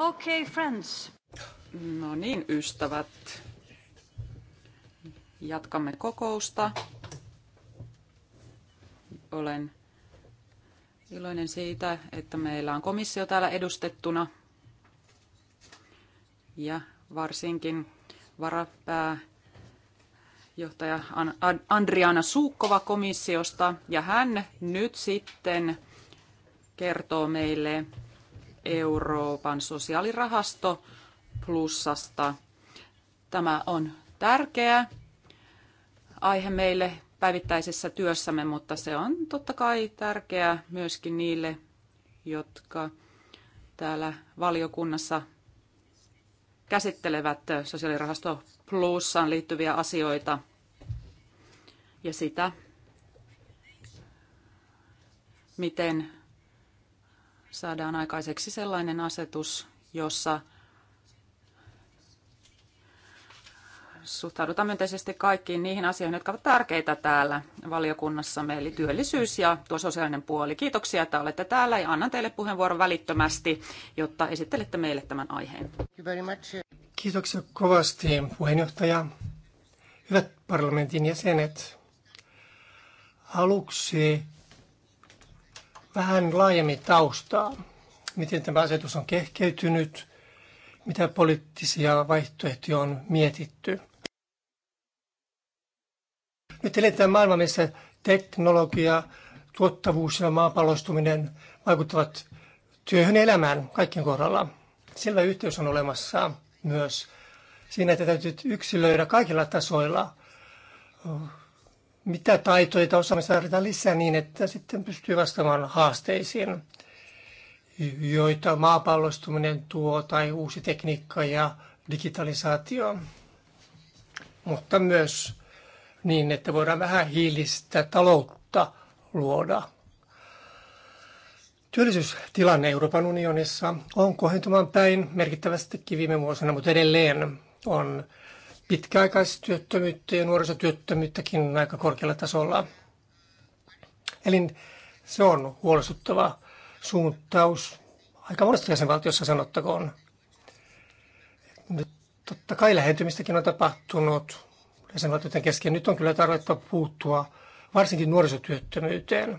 Okay, friends. No niin, ystävät. Jatkamme kokousta. Olen iloinen siitä, että meillä on komissio täällä edustettuna. Ja varsinkin varapää johtaja Andriana Suukkova komissiosta ja hän nyt sitten kertoo meille Euroopan sosiaalirahasto plussasta. Tämä on tärkeä aihe meille päivittäisessä työssämme, mutta se on totta kai tärkeää myöskin niille, jotka täällä valiokunnassa käsittelevät sosiaalirahasto plussaan liittyviä asioita ja sitä, miten saadaan aikaiseksi sellainen asetus, jossa suhtaudutaan myönteisesti kaikkiin niihin asioihin, jotka ovat tärkeitä täällä valiokunnassamme, eli työllisyys ja tuo sosiaalinen puoli. Kiitoksia, että olette täällä ja annan teille puheenvuoron välittömästi, jotta esittelette meille tämän aiheen. Kiitoksia kovasti puheenjohtaja. Hyvät parlamentin jäsenet, aluksi vähän laajemmin taustaa, miten tämä asetus on kehkeytynyt, mitä poliittisia vaihtoehtoja on mietitty. Nyt eletään maailma, missä teknologia, tuottavuus ja maapalloistuminen vaikuttavat työhön ja elämään kaikkien kohdalla. Sillä yhteys on olemassa myös siinä, että täytyy yksilöidä kaikilla tasoilla mitä taitoja tai osaamista tarvitaan lisää niin, että sitten pystyy vastaamaan haasteisiin, joita maapallostuminen tuo tai uusi tekniikka ja digitalisaatio. Mutta myös niin, että voidaan vähän hiilistä taloutta luoda. Työllisyystilanne Euroopan unionissa on kohentumaan päin merkittävästikin viime vuosina, mutta edelleen on pitkäaikaistyöttömyyttä ja nuorisotyöttömyyttäkin aika korkealla tasolla. Eli se on huolestuttava suuntaus aika monesta jäsenvaltiossa sanottakoon. Nyt totta kai lähentymistäkin on tapahtunut jäsenvaltioiden kesken. Nyt on kyllä tarvetta puuttua varsinkin nuorisotyöttömyyteen.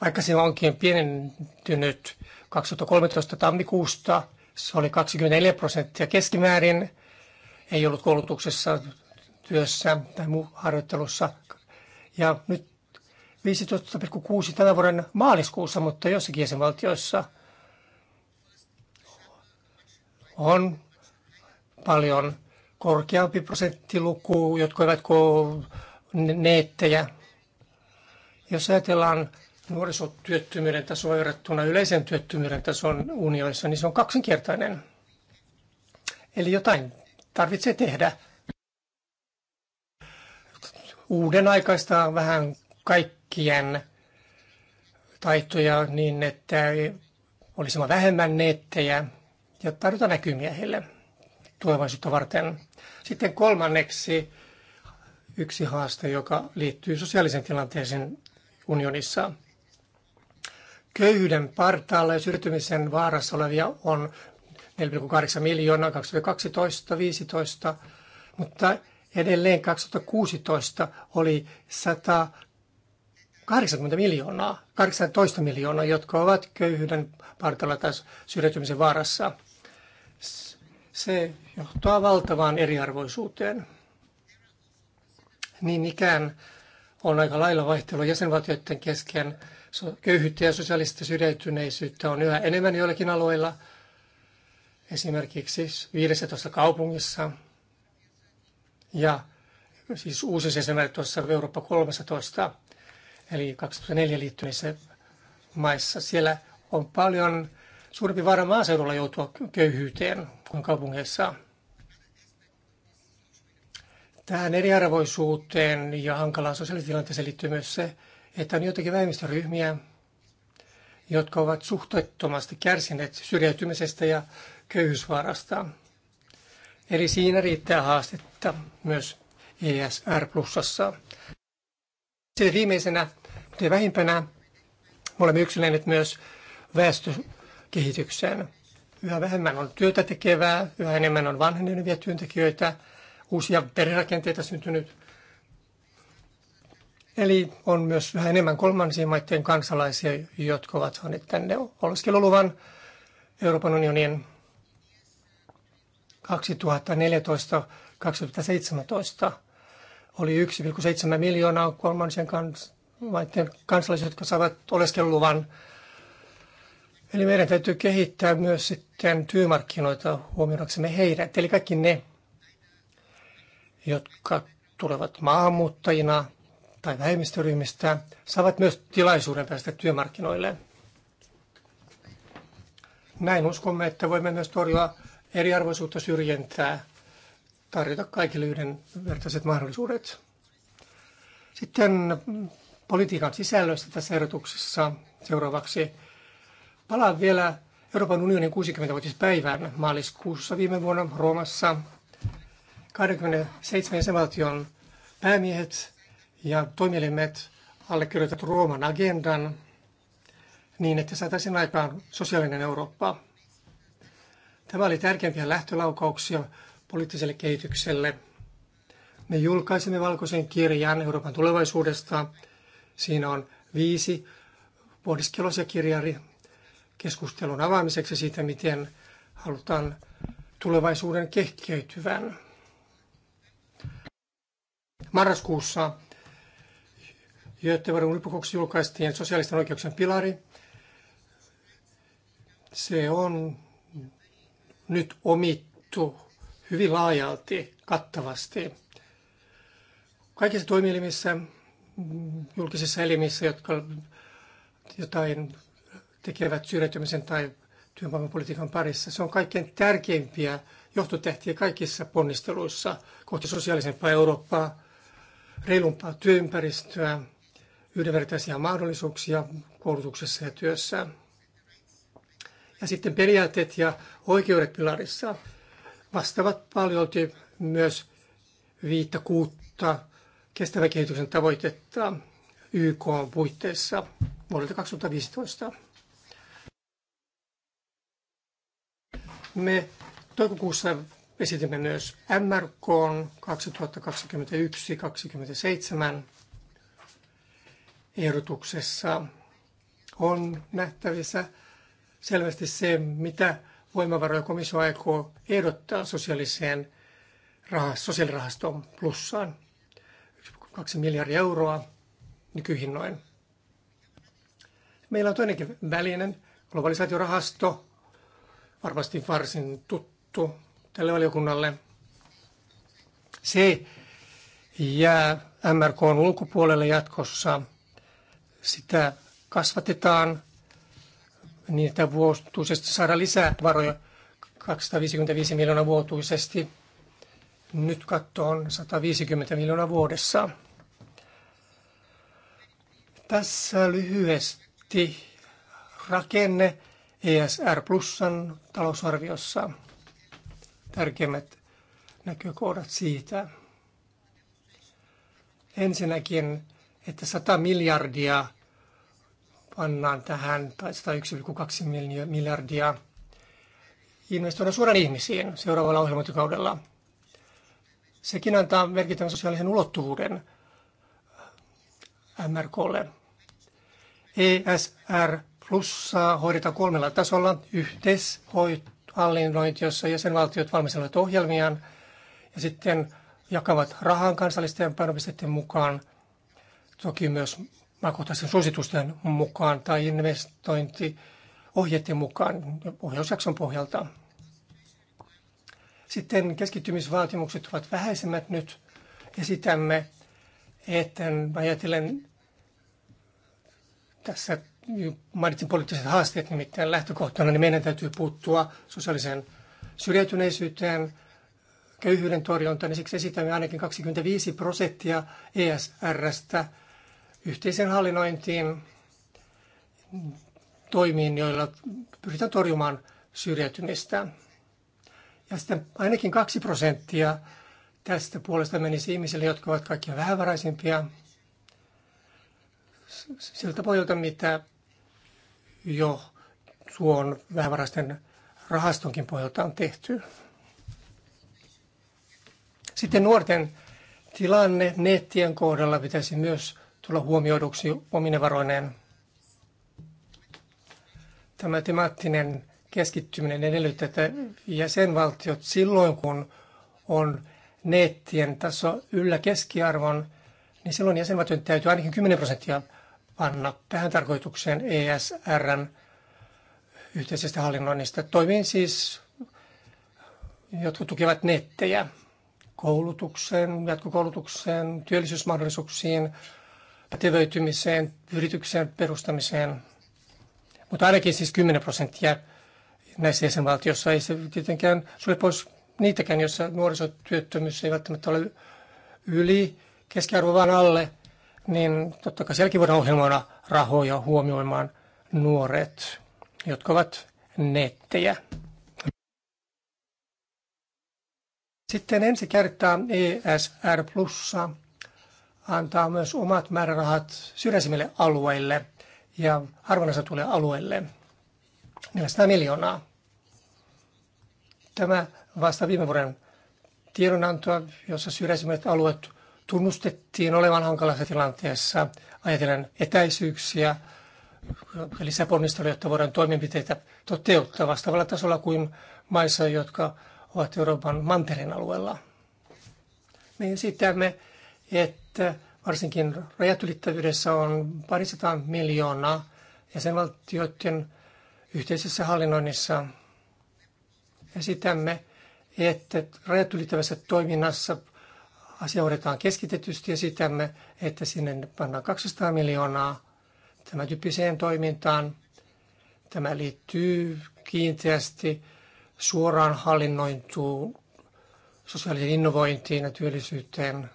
Vaikka se onkin pienentynyt 2013 tammikuusta – se oli 24 prosenttia keskimäärin, ei ollut koulutuksessa, työssä tai muu harjoittelussa. Ja nyt 15,6 tänä vuoden maaliskuussa, mutta jossakin jäsenvaltioissa on paljon korkeampi prosenttiluku, jotka eivät nettejä. Jos ajatellaan nuorisotyöttömyyden taso verrattuna yleisen työttömyyden tason unionissa, niin se on kaksinkertainen. Eli jotain tarvitsee tehdä. Uuden aikaista vähän kaikkien taitoja niin, että olisi vähemmän nettejä ja tarjota näkymiä heille tulevaisuutta varten. Sitten kolmanneksi yksi haaste, joka liittyy sosiaalisen tilanteeseen unionissa. Köyhyyden partaalla ja syrjäytymisen vaarassa olevia on 4,8 miljoonaa 2012-2015, mutta edelleen 2016 oli 180 miljoonaa, 18 miljoonaa, jotka ovat köyhyyden partalla tai syrjäytymisen vaarassa. Se johtaa valtavaan eriarvoisuuteen. Niin ikään on aika lailla vaihtelua jäsenvaltioiden kesken Köyhyyttä ja sosiaalista syrjäytyneisyyttä on yhä enemmän joillakin alueilla, esimerkiksi 15 kaupungissa ja siis uusi esimerkki tuossa Eurooppa 13, eli 2004 liittyneissä maissa. Siellä on paljon suurempi vaara maaseudulla joutua köyhyyteen kuin kaupungeissa. Tähän eriarvoisuuteen ja hankalaan sosiaalitilanteeseen liittyy myös se, että on joitakin vähemmistöryhmiä, jotka ovat suhteettomasti kärsineet syrjäytymisestä ja köyhyysvaarasta. Eli siinä riittää haastetta myös ESR plussassa. Sitten viimeisenä, mutta vähimpänä, me olemme yksilöineet myös väestökehitykseen. Yhä vähemmän on työtä tekevää, yhä enemmän on vanhenevia työntekijöitä, uusia perherakenteita syntynyt. Eli on myös vähän enemmän kolmansien maiden kansalaisia, jotka ovat saaneet tänne oleskeluluvan Euroopan unionin 2014-2017 oli 1,7 miljoonaa kolmansien kans- maiden kansalaisia, jotka saavat oleskeluluvan. Eli meidän täytyy kehittää myös sitten työmarkkinoita huomioidaksemme heidät. Eli kaikki ne, jotka tulevat maahanmuuttajina – tai vähemmistöryhmistä saavat myös tilaisuuden päästä työmarkkinoille. Näin uskomme, että voimme myös torjua eriarvoisuutta syrjintää, tarjota kaikille yhdenvertaiset mahdollisuudet. Sitten politiikan sisällöstä tässä ehdotuksessa seuraavaksi. Palaan vielä Euroopan unionin 60-vuotispäivään maaliskuussa viime vuonna Roomassa. 27 jäsenvaltion päämiehet ja toimielimet allekirjoitettu Rooman agendan niin, että saataisiin aikaan sosiaalinen Eurooppa. Tämä oli tärkeimpiä lähtölaukauksia poliittiselle kehitykselle. Me julkaisimme valkoisen kirjan Euroopan tulevaisuudesta. Siinä on viisi kirjari keskustelun avaamiseksi siitä, miten halutaan tulevaisuuden kehkeytyvän. Marraskuussa Göteborgin huippukokouksessa julkaistiin sosiaalisten oikeuksien pilari. Se on nyt omittu hyvin laajalti, kattavasti. Kaikissa toimielimissä, julkisissa elimissä, jotka jotain tekevät syrjäytymisen tai työvoimapolitiikan parissa. Se on kaikkein tärkeimpiä johtotehtiä kaikissa ponnisteluissa kohti sosiaalisempaa Eurooppaa, reilumpaa työympäristöä, yhdenvertaisia mahdollisuuksia koulutuksessa ja työssä. Ja sitten periaatteet ja oikeudet pilarissa vastaavat paljon myös viittä kuutta kestävän kehityksen tavoitetta YK on puitteissa vuodelta 2015. Me toukokuussa esitimme myös MRK 2021-2027 ehdotuksessa on nähtävissä selvästi se, mitä voimavaroja komissio aikoo ehdottaa sosiaaliseen sosiaalirahastoon plussaan. 1,2 miljardia euroa nykyhinnoin. Meillä on toinenkin välinen globalisaatiorahasto, varmasti varsin tuttu tälle valiokunnalle. Se jää MRK ulkopuolelle jatkossa – sitä kasvatetaan niin, että vuotuisesti saada lisää varoja 255 miljoonaa vuotuisesti. Nyt katto on 150 miljoonaa vuodessa. Tässä lyhyesti rakenne ESR Plusan talousarviossa. Tärkeimmät näkökohdat siitä. Ensinnäkin että 100 miljardia pannaan tähän, tai 101,2 miljardia investoida suoraan ihmisiin seuraavalla ohjelmointikaudella. Sekin antaa merkittävän sosiaalisen ulottuvuuden äh, MRKlle. ESR plussaa hoidetaan kolmella tasolla. Yhteishallinnointi, jossa jäsenvaltiot valmistelevat ohjelmiaan ja sitten jakavat rahan kansallisten painopisteiden mukaan toki myös maakohtaisen suositusten mukaan tai investointiohjeiden mukaan ohjausjakson pohjalta. Sitten keskittymisvaatimukset ovat vähäisemmät nyt. Esitämme, että ajatellen tässä mainitsin poliittiset haasteet nimittäin lähtökohtana, niin meidän täytyy puuttua sosiaaliseen syrjäytyneisyyteen, köyhyyden torjuntaan, niin siksi esitämme ainakin 25 prosenttia ESRstä yhteisen hallinnointiin toimiin, joilla pyritään torjumaan syrjäytymistä. Ja sitten ainakin kaksi prosenttia tästä puolesta menisi ihmisille, jotka ovat kaikkia vähävaraisimpia. Siltä pohjalta, mitä jo tuon vähävaraisten rahastonkin pohjalta on tehty. Sitten nuorten tilanne nettien kohdalla pitäisi myös tulla huomioiduksi omine varoineen. Tämä temaattinen keskittyminen edellyttää, että jäsenvaltiot silloin, kun on neettien taso yllä keskiarvon, niin silloin jäsenvaltion täytyy ainakin 10 prosenttia panna tähän tarkoitukseen ESRn yhteisestä hallinnoinnista. Toimiin siis, jotkut tukevat nettejä koulutukseen, jatkokoulutukseen, työllisyysmahdollisuuksiin, pätevöitymiseen, yrityksen perustamiseen, mutta ainakin siis 10 prosenttia näissä jäsenvaltioissa ei se tietenkään sulle pois niitäkään, joissa nuorisotyöttömyys ei välttämättä ole yli keskiarvo vaan alle, niin totta kai sielläkin voidaan ohjelmoida rahoja huomioimaan nuoret, jotka ovat nettejä. Sitten ensi kertaa ESR Plussa antaa myös omat määrärahat syrjäisimmille alueille ja tulee alueille. 400 miljoonaa. Tämä vasta viime vuoden tiedonantoa, jossa syrjäisimmät alueet tunnustettiin olevan hankalassa tilanteessa, ajatellen etäisyyksiä, lisäponnisteluja, jotta voidaan toimenpiteitä toteuttaa vastaavalla tasolla kuin maissa, jotka ovat Euroopan mantereen alueella. Me esitämme, että että varsinkin rajat ylittävyydessä on parisataa miljoonaa jäsenvaltioiden yhteisessä hallinnoinnissa. Esitämme, että rajat ylittävässä toiminnassa asia hoidetaan keskitetysti. Esitämme, että sinne pannaan 200 miljoonaa tämän tyyppiseen toimintaan. Tämä liittyy kiinteästi suoraan hallinnointuun sosiaaliseen innovointiin ja työllisyyteen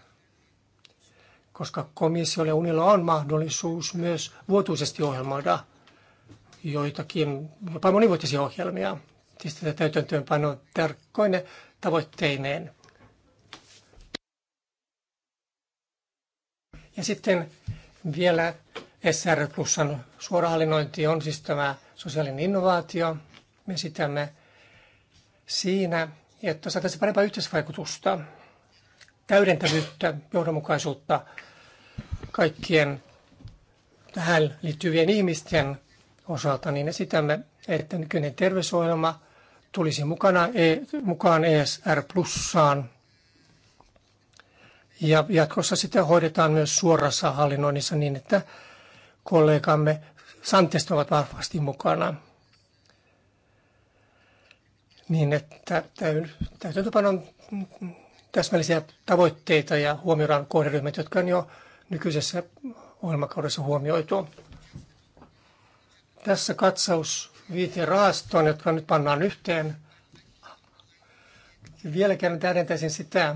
koska komissiolla ja unilla on mahdollisuus myös vuotuisesti ohjelmoida joitakin, jopa monivuotisia ohjelmia. Siis tätä on tarkkoinen tavoitteineen. Ja sitten vielä SR Plusan suorahallinnointi on siis tämä sosiaalinen innovaatio. Me sitämme siinä, että saataisiin parempaa yhteisvaikutusta täydentävyyttä, johdonmukaisuutta kaikkien tähän liittyvien ihmisten osalta, niin esitämme, että nykyinen terveysohjelma tulisi mukana, e, mukaan ESR plussaan. Ja jatkossa sitä hoidetaan myös suorassa hallinnoinnissa niin, että kollegamme Santesta ovat vahvasti mukana. Niin, että täytäntöpanon täsmällisiä tavoitteita ja huomioidaan kohderyhmät, jotka on jo nykyisessä ohjelmakaudessa huomioitu. Tässä katsaus viiteen rahastoon, jotka nyt pannaan yhteen. Vielä kerran täydentäisin sitä,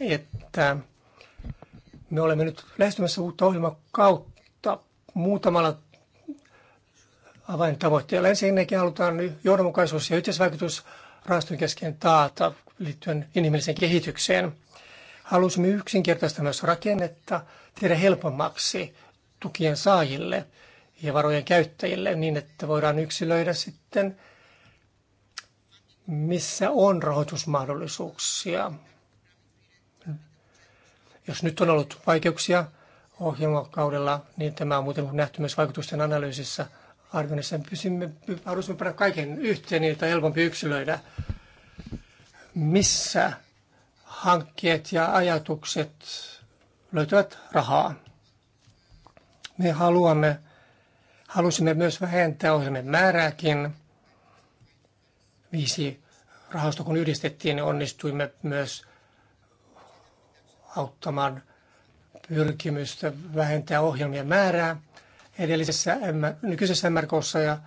että me olemme nyt lähestymässä uutta ohjelmakautta muutamalla avaintavoitteella. Ensinnäkin halutaan johdonmukaisuus ja yhteisvaikutus rahaston kesken taata liittyen inhimilliseen kehitykseen. Halusimme yksinkertaistaa myös rakennetta, tehdä helpommaksi tukien saajille ja varojen käyttäjille niin, että voidaan yksilöidä sitten, missä on rahoitusmahdollisuuksia. Jos nyt on ollut vaikeuksia ohjelmakaudella, niin tämä on muuten nähty myös vaikutusten analyysissä arvioinnissa. Pysymme, haluaisimme panna kaiken yhteen, niin että on helpompi yksilöidä missä hankkeet ja ajatukset löytävät rahaa. Me haluamme, halusimme myös vähentää ohjelmien määrääkin. Viisi rahasto kun yhdistettiin, niin onnistuimme myös auttamaan pyrkimystä vähentää ohjelmien määrää edellisessä nykyisessä MRKssa ja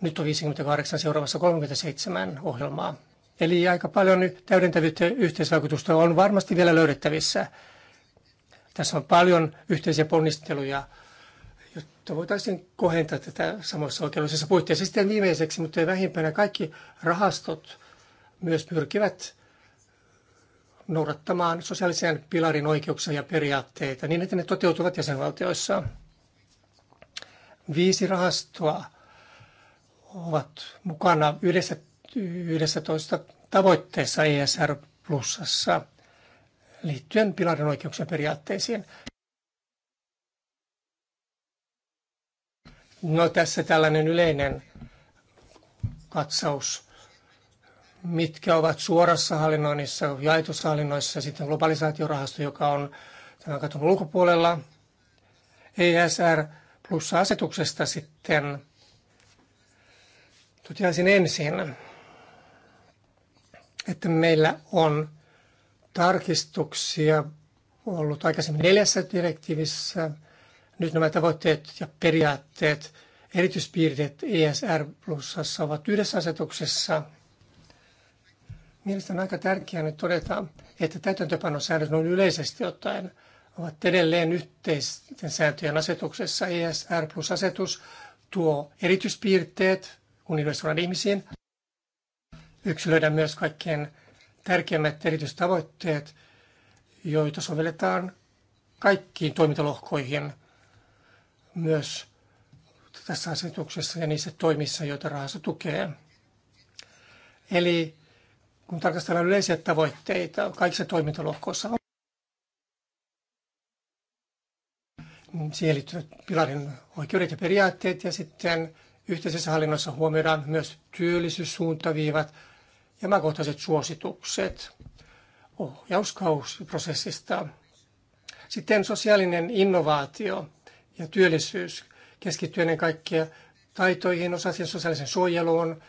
nyt on 58, seuraavassa 37 ohjelmaa. Eli aika paljon täydentävyyttä ja yhteisvaikutusta on varmasti vielä löydettävissä. Tässä on paljon yhteisiä ponnisteluja, jotta voitaisiin kohentaa tätä samoissa oikeudellisissa puitteissa. Sitten viimeiseksi, mutta ei vähimpänä, kaikki rahastot myös pyrkivät noudattamaan sosiaalisen pilarin oikeuksia ja periaatteita niin, että ne toteutuvat jäsenvaltioissa. Viisi rahastoa ovat mukana yhdessä 11 tavoitteessa ESR plussassa liittyen pilarin oikeuksien periaatteisiin. No tässä tällainen yleinen katsaus, mitkä ovat suorassa hallinnoinnissa, jaetussa hallinnoissa, sitten globalisaatiorahasto, joka on tämän katon ulkopuolella, ESR plus asetuksesta sitten toteaisin ensin, että meillä on tarkistuksia ollut aikaisemmin neljässä direktiivissä. Nyt nämä tavoitteet ja periaatteet, erityispiirteet ESR plussassa ovat yhdessä asetuksessa. Mielestäni on aika tärkeää nyt todeta, että täytäntöpanosäännöt noin yleisesti ottaen ovat edelleen yhteisten sääntöjen asetuksessa. ESR plus asetus tuo erityispiirteet, kun investoidaan ihmisiin, yksilöidä myös kaikkien tärkeimmät erityistavoitteet, joita sovelletaan kaikkiin toimintalohkoihin myös tässä asetuksessa ja niissä toimissa, joita rahasto tukee. Eli kun tarkastellaan yleisiä tavoitteita kaikissa toimintalohkoissa, on niin siihen liittyvät pilarin oikeudet ja periaatteet ja sitten yhteisessä hallinnossa huomioidaan myös työllisyyssuuntaviivat ja maakohtaiset suositukset ohjauskausiprosessista. Sitten sosiaalinen innovaatio ja työllisyys keskittyy ennen kaikkea taitoihin, osaisiin sosiaalisen suojeluun,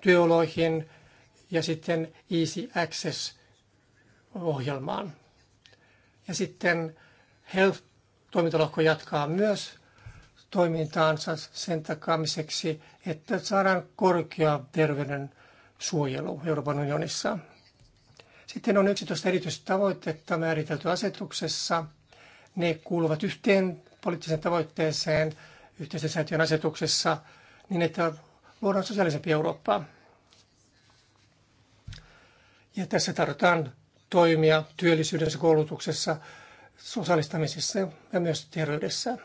työoloihin ja sitten Easy Access-ohjelmaan. Ja sitten Health-toimintalohko jatkaa myös toimintaansa sen takaamiseksi, että saadaan korkea terveyden suojelu Euroopan unionissa. Sitten on 11 tavoitetta määritelty asetuksessa. Ne kuuluvat yhteen poliittiseen tavoitteeseen yhteisen säätiön asetuksessa niin, että luodaan sosiaalisempi Eurooppaa. Ja tässä tarvitaan toimia työllisyydessä, koulutuksessa, osallistamisessa ja myös terveydessä.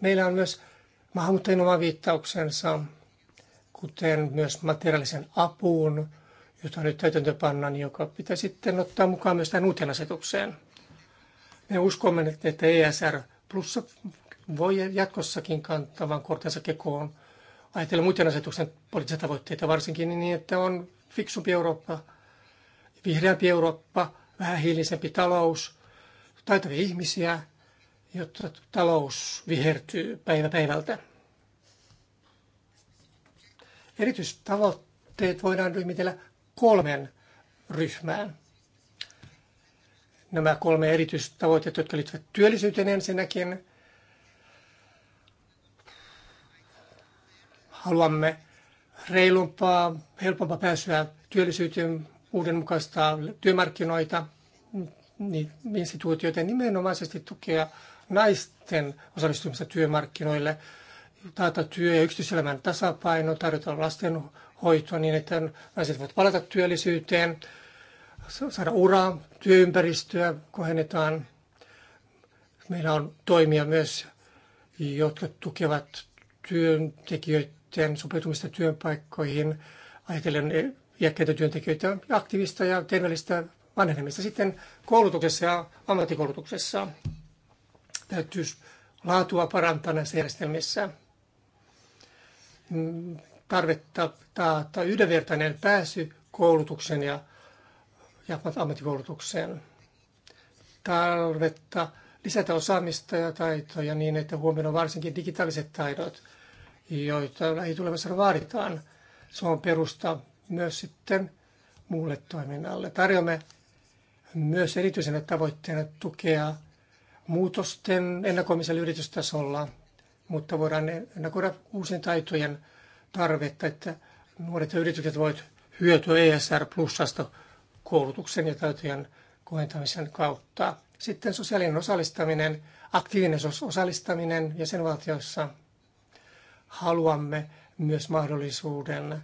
Meillä on myös maahanmuuttajien oma viittauksensa kuten myös materiaalisen apuun, jota nyt täytäntöpannan, joka pitää sitten ottaa mukaan myös tähän uuteen asetukseen. Me uskomme, että ESR Plus voi jatkossakin kantavan kortensa kekoon ajatella muiden asetuksen poliittisia tavoitteita, varsinkin niin, että on fiksumpi Eurooppa, vihreämpi Eurooppa, vähähiilisempi talous, taitavia ihmisiä, jotta talous vihertyy päivä päivältä. Erityistavoitteet voidaan ryhmitellä kolmen ryhmään. Nämä kolme erityistavoitetta, jotka liittyvät työllisyyteen ensinnäkin. Haluamme reilumpaa, helpompaa pääsyä työllisyyteen, uudenmukaista työmarkkinoita, niin instituutioita nimenomaisesti tukea naisten osallistumista työmarkkinoille – taata työ- ja yksityiselämän tasapaino, tarjota lastenhoitoa niin, että naiset voivat palata työllisyyteen, saada uraa, työympäristöä kohennetaan. Meillä on toimia myös, jotka tukevat työntekijöiden sopeutumista työpaikkoihin. Ajatellen e, iäkkäitä työntekijöitä, aktiivista ja terveellistä vanhemmista sitten koulutuksessa ja ammattikoulutuksessa. Täytyy laatua parantaa näissä järjestelmissä tarvetta taata yhdenvertainen pääsy koulutuksen ja, ja ammattikoulutukseen. Tarvetta lisätä osaamista ja taitoja niin, että huomioidaan varsinkin digitaaliset taidot, joita lähitulevassa vaaditaan. Se on perusta myös sitten muulle toiminnalle. Tarjoamme myös erityisenä tavoitteena tukea muutosten ennakoimisella yritystasolla mutta voidaan ennakoida uusien taitojen tarvetta, että nuoret ja yritykset voivat hyötyä ESR plussasta koulutuksen ja taitojen kohentamisen kautta. Sitten sosiaalinen osallistaminen, aktiivinen osallistaminen jäsenvaltioissa. Haluamme myös mahdollisuuden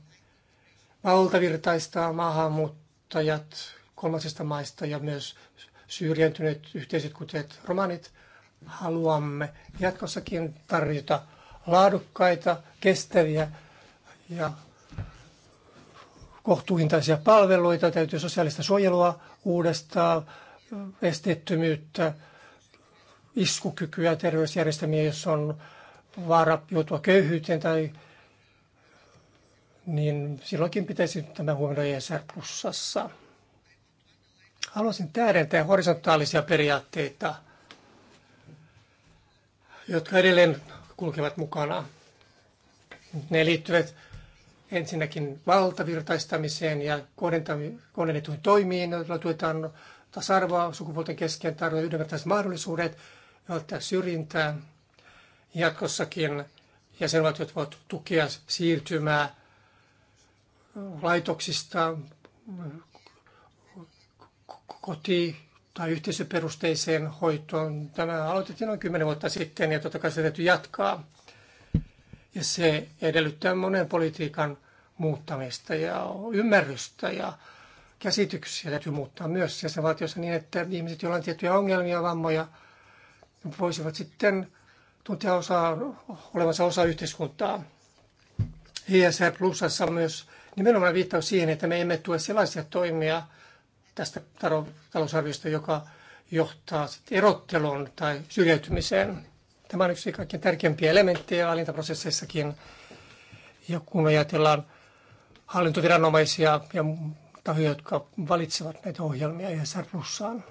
valtavirtaistaa maahanmuuttajat kolmansista maista ja myös syrjäntyneet yhteisöt, kuten romanit, haluamme jatkossakin tarjota laadukkaita, kestäviä ja kohtuuhintaisia palveluita, täytyy sosiaalista suojelua uudestaan, esteettömyyttä, iskukykyä, terveysjärjestelmiä, jos on vaara joutua köyhyyteen tai niin silloinkin pitäisi tämä huomioida ESR plussassa. Haluaisin täydentää horisontaalisia periaatteita – jotka edelleen kulkevat mukana. Ne liittyvät ensinnäkin valtavirtaistamiseen ja kohdennettuihin toimiin, joilla tuetaan tasa-arvoa sukupuolten kesken, tarjoaa yhdenvertaiset mahdollisuudet, välttää syrjintää. Jatkossakin jäsenvaltiot voivat tukea siirtymää laitoksista koti tai yhteisöperusteiseen hoitoon. Tämä aloitettiin noin kymmenen vuotta sitten ja totta kai sitä täytyy jatkaa. Ja se edellyttää monen politiikan muuttamista ja ymmärrystä ja käsityksiä täytyy muuttaa myös jäsenvaltiossa niin, että ihmiset, joilla on tiettyjä ongelmia, vammoja, voisivat sitten tuntea osaa, olevansa osa yhteiskuntaa. ESR Plusassa on myös nimenomaan viittaus siihen, että me emme tue sellaisia toimia, tästä talousarviosta, joka johtaa erotteluun tai syrjäytymiseen. Tämä on yksi kaikkein tärkeimpiä elementtejä valintaprosesseissakin. Ja kun me ajatellaan hallintoviranomaisia ja tahoja, jotka valitsevat näitä ohjelmia ja e sarrussaan.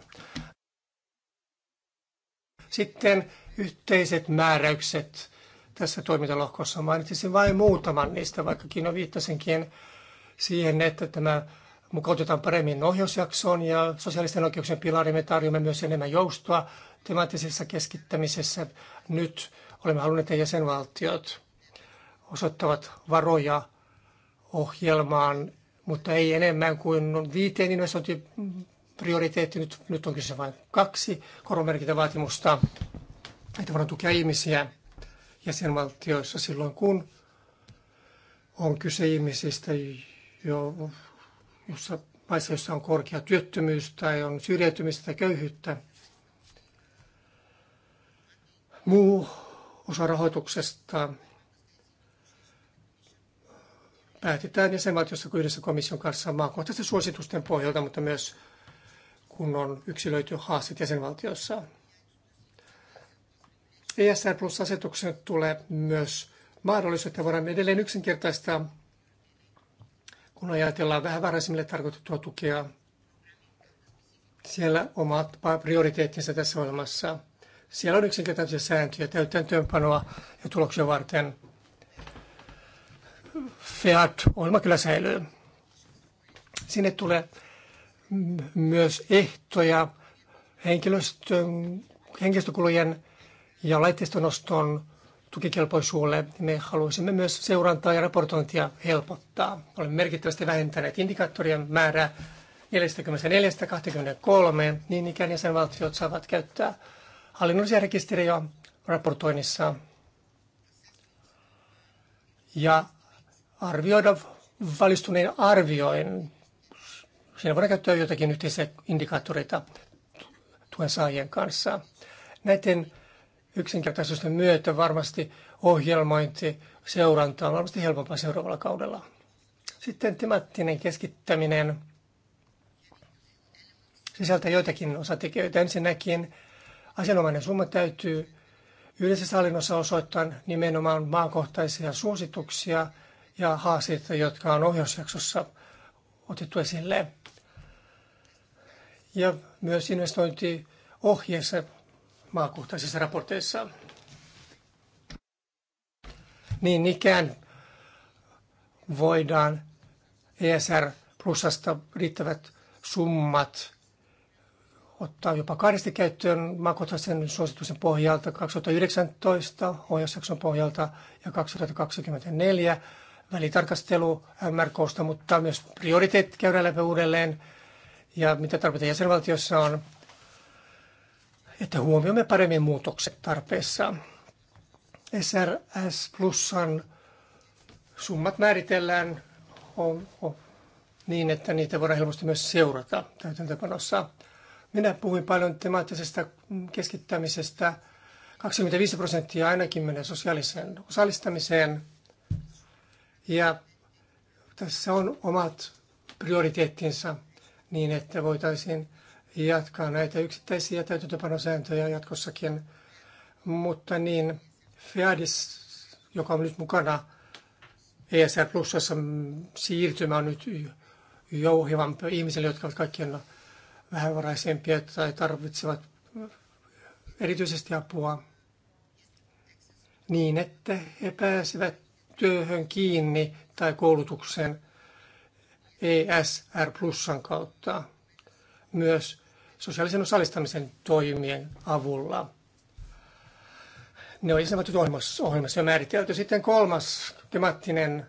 Sitten yhteiset määräykset tässä toimintalohkossa. mainitsin vain muutaman niistä, vaikkakin viittasinkin siihen, että tämä mukautetaan paremmin ohjausjaksoon ja sosiaalisten oikeuksien pilariin me tarjoamme myös enemmän joustoa temaattisessa keskittämisessä. Nyt olemme halunneet, että jäsenvaltiot osoittavat varoja ohjelmaan, mutta ei enemmän kuin viiteen investointiprioriteetti. Nyt, nyt on kyse vain kaksi vaatimusta, että voidaan tukea ihmisiä jäsenvaltioissa silloin, kun on kyse ihmisistä, jo, jossa maissa, jossa on korkea työttömyys tai on syrjäytymistä tai köyhyyttä. Muu osa rahoituksesta päätetään jäsenvaltiossa kuin yhdessä komission kanssa maakohtaisten suositusten pohjalta, mutta myös kun on yksilöity haasteet jäsenvaltiossa. ESR Plus-asetuksen tulee myös mahdollisuus, että voidaan edelleen yksinkertaistaa kun ajatellaan vähävaraisimmille tarkoitettua tukea, siellä omat prioriteettinsa tässä ohjelmassa. Siellä on yksinkertaisia sääntöjä täytäntöönpanoa ja tuloksia varten. FEAT ohjelma kyllä säilyy. Sinne tulee myös ehtoja henkilöstön, henkilöstökulujen ja laitteiston oston tukikelpoisuudelle. Niin me haluaisimme myös seurantaa ja raportointia helpottaa. Olemme merkittävästi vähentäneet indikaattorien määrää 44-23, niin ikään jäsenvaltiot saavat käyttää hallinnollisia rekisteriä raportoinnissa ja arvioida valistuneen arvioin. Siinä voidaan käyttää jotakin yhteisiä indikaattoreita tuen saajien kanssa. Näiden yksinkertaisuuden myötä varmasti ohjelmointi, seuranta on varmasti helpompaa seuraavalla kaudella. Sitten temaattinen keskittäminen sisältää joitakin osatekijöitä. Ensinnäkin asianomainen summa täytyy yhdessä hallinnossa osoittaa nimenomaan maakohtaisia suosituksia ja haasteita, jotka on ohjausjaksossa otettu esille. Ja myös investointiohjeessa maakohtaisissa raporteissa. Niin ikään voidaan ESR plussasta riittävät summat ottaa jopa kahdesti käyttöön maakohtaisen suosituksen pohjalta 2019 ohjausjakson pohjalta ja 2024 välitarkastelu MRKsta, mutta myös prioriteetit käydään läpi uudelleen ja mitä tarvitaan jäsenvaltiossa on että huomioimme paremmin muutokset tarpeessa. SRS Plusan summat määritellään niin, että niitä voidaan helposti myös seurata täytäntöpanossa. Minä puhuin paljon temaattisesta keskittämisestä. 25 prosenttia ainakin menee sosiaaliseen osallistamiseen. Ja tässä on omat prioriteettinsa niin, että voitaisiin jatkaa näitä yksittäisiä täytäntöpanosääntöjä jatkossakin. Mutta niin, FEADIS, joka on nyt mukana ESR Plusassa, mm, siirtymä on nyt jouhivampi ihmisille, jotka ovat kaikkien vähävaraisempia tai tarvitsevat erityisesti apua niin, että he pääsevät työhön kiinni tai koulutukseen ESR Plusan kautta. Myös sosiaalisen osallistamisen toimien avulla. Ne on jäsenvaltiot ohjelmassa, ohjelmassa jo määritelty. Sitten kolmas temaattinen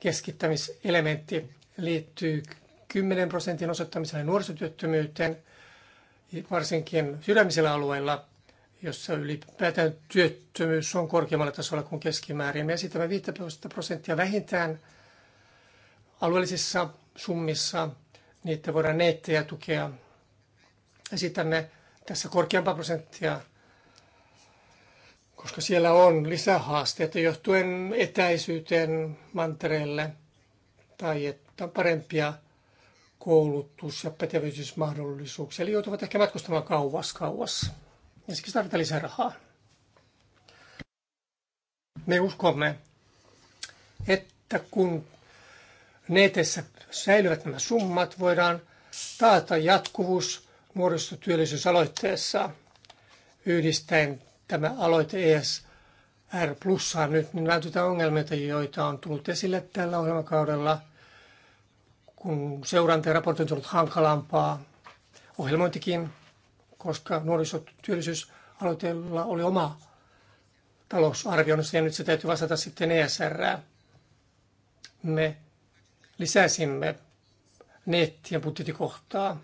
keskittämiselementti liittyy 10 prosentin osoittamiselle nuorisotyöttömyyteen, varsinkin sydämisellä alueilla, jossa ylipäätään työttömyys on korkeammalla tasolla kuin keskimäärin. Me esitämme 15 prosenttia vähintään alueellisissa summissa, niitä voidaan neittejä tukea esitämme tässä korkeampaa prosenttia, koska siellä on lisähaasteita johtuen etäisyyteen mantereelle tai että parempia koulutus- ja pätevyysmahdollisuuksia. Eli joutuvat ehkä matkustamaan kauas kauas. Ja siksi tarvitaan lisää rahaa. Me uskomme, että kun netessä säilyvät nämä summat, voidaan taata jatkuvuus työllisyysaloitteessa yhdistäen tämä aloite ESR plussaan nyt, niin vältytään ongelmia, joita on tullut esille tällä ohjelmakaudella, kun seuranta ja raportti on tullut hankalampaa, ohjelmointikin, koska nuorisotyöllisyysaloitteella oli oma talousarvioinnissa ja nyt se täytyy vastata sitten ESR. Me lisäsimme nettien budjettikohtaa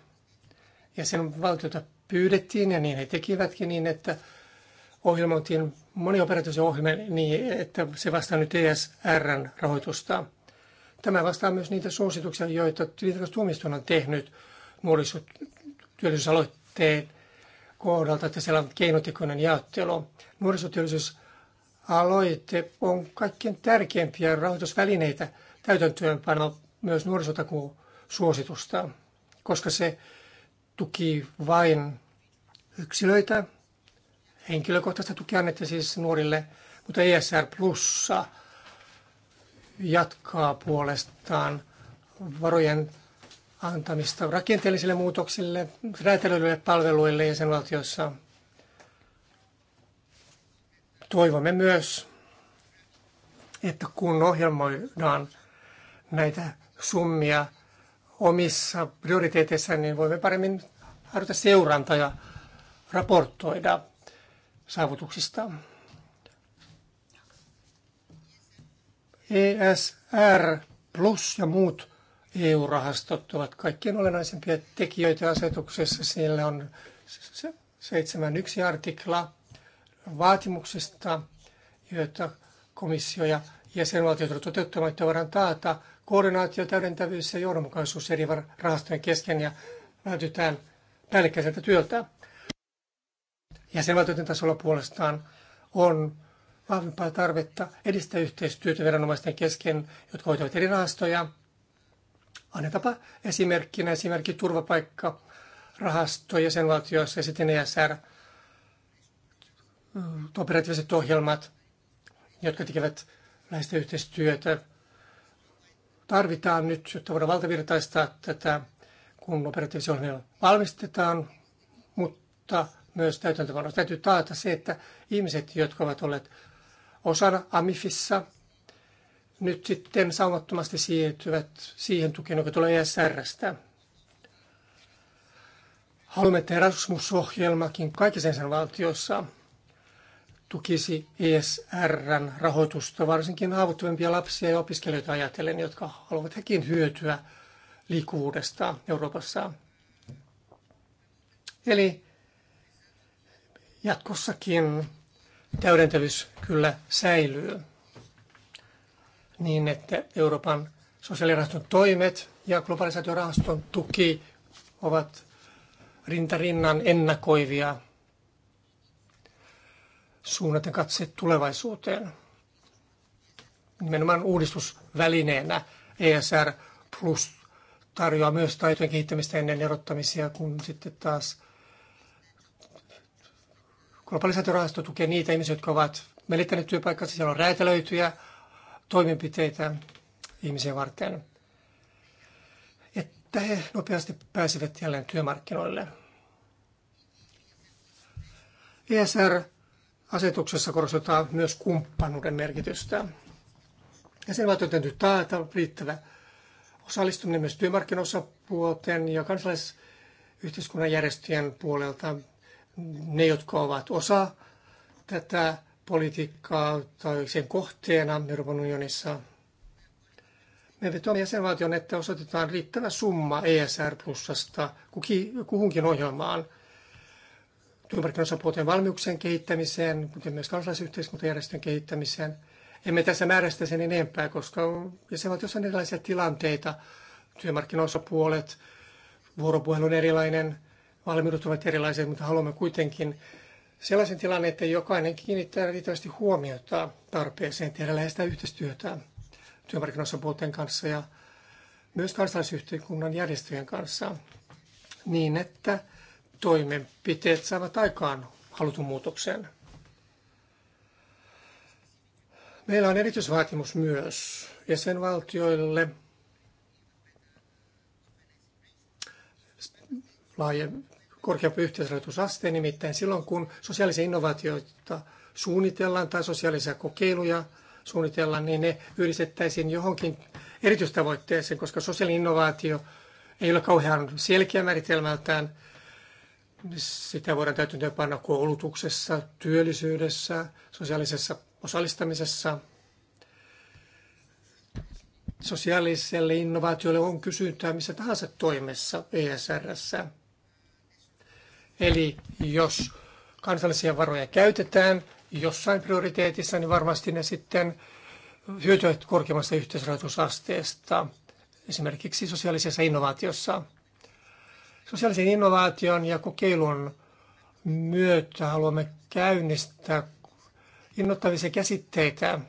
ja sen valtiota pyydettiin, ja niin he tekivätkin niin, että ohjelmointiin monioperatiivisen ohjelman niin, että se vastaa nyt ESRn rahoitusta. Tämä vastaa myös niitä suosituksia, joita tilintarkastustuomioistuin on tehnyt nuorisotyöllisyysaloitteen kohdalta, että siellä on keinotekoinen jaottelu. Nuorisotyöllisyysaloite on kaikkein tärkeimpiä rahoitusvälineitä täytäntöönpano myös nuorisotakuun suositusta, koska se tuki vain yksilöitä. Henkilökohtaista tukea annettiin siis nuorille, mutta ESR Plussa jatkaa puolestaan varojen antamista rakenteellisille muutoksille, räätälöille palveluille jäsenvaltioissa. Toivomme myös, että kun ohjelmoidaan näitä summia – omissa prioriteeteissa, niin voimme paremmin harjoittaa seurantaa ja raportoida saavutuksista. ESR Plus ja muut EU-rahastot ovat kaikkien olennaisempia tekijöitä asetuksessa. Siellä on 7.1 artikla vaatimuksista, joita komissio ja jäsenvaltiot ovat toteuttamaan, että voidaan taata koordinaatio, täydentävyys ja johdonmukaisuus eri rahastojen kesken ja vältytään päällekkäiseltä työltä. Jäsenvaltioiden tasolla puolestaan on vahvempaa tarvetta edistää yhteistyötä viranomaisten kesken, jotka hoitavat eri rahastoja. Annetapa esimerkkinä esimerkki turvapaikka rahasto jäsenvaltioissa ja sitten ESR mm, operatiiviset ohjelmat, jotka tekevät läheistä yhteistyötä tarvitaan nyt, jotta voidaan valtavirtaistaa tätä, kun operatiivisia ohjelmia valmistetaan, mutta myös täytäntöpanossa täytyy taata se, että ihmiset, jotka ovat olleet osana AMIFissa, nyt sitten saumattomasti siirtyvät siihen tukeen, joka tulee ESRstä. Haluamme, että Erasmus-ohjelmakin kaikissa sen valtiossa tukisi ESRn rahoitusta, varsinkin haavoittuvimpia lapsia ja opiskelijoita ajatellen, jotka haluavat hekin hyötyä liikkuvuudesta Euroopassa. Eli jatkossakin täydentävyys kyllä säilyy niin, että Euroopan sosiaalirahaston toimet ja globalisaatiorahaston tuki ovat rintarinnan ennakoivia suunnata katseet tulevaisuuteen. Nimenomaan uudistusvälineenä ESR Plus tarjoaa myös taitojen kehittämistä ennen erottamisia, kun sitten taas globalisaatiorahasto tukee niitä ihmisiä, jotka ovat menettäneet työpaikkansa. Siellä on räätälöityjä toimenpiteitä ihmisiä varten, että he nopeasti pääsevät jälleen työmarkkinoille. ESR Asetuksessa korostetaan myös kumppanuuden merkitystä. Sen vaatio täytyy taata riittävä osallistuminen myös työmarkkinosapuolten ja kansalaisyhteiskunnan järjestöjen puolelta. Ne, jotka ovat osa tätä politiikkaa tai sen kohteena Euroopan unionissa. Me vetoamme jäsenvaltion, että osoitetaan riittävä summa ESR plussasta kuhunkin ohjelmaan – työmarkkinaosapuolten valmiuksien kehittämiseen, kuten myös kansalaisyhteiskuntajärjestön kehittämiseen. Emme tässä määrästä sen enempää, koska jäsenvaltiossa on erilaisia tilanteita. Työmarkkinaosapuolet, vuoropuhelu on erilainen, valmiudet ovat erilaiset, mutta haluamme kuitenkin sellaisen tilanteen, että jokainen kiinnittää riittävästi huomiota tarpeeseen tehdä läheistä yhteistyötä työmarkkinaosapuolten kanssa ja myös kansalaisyhteiskunnan järjestöjen kanssa niin, että toimenpiteet saavat aikaan halutun muutoksen. Meillä on erityisvaatimus myös jäsenvaltioille laajen korkeampi yhteisrahoitusaste, nimittäin silloin kun sosiaalisia innovaatioita suunnitellaan tai sosiaalisia kokeiluja suunnitellaan, niin ne yhdistettäisiin johonkin erityistavoitteeseen, koska sosiaalinen innovaatio ei ole kauhean selkeä määritelmältään, sitä voidaan täytäntöön panna koulutuksessa, työllisyydessä, sosiaalisessa osallistamisessa. Sosiaaliselle innovaatiolle on kysyntää missä tahansa toimessa ESRssä. Eli jos kansallisia varoja käytetään jossain prioriteetissa, niin varmasti ne sitten hyötyvät korkeammasta yhteisrahoitusasteesta, esimerkiksi sosiaalisessa innovaatiossa – Sosiaalisen innovaation ja kokeilun myötä haluamme käynnistää innoittavisia käsitteitä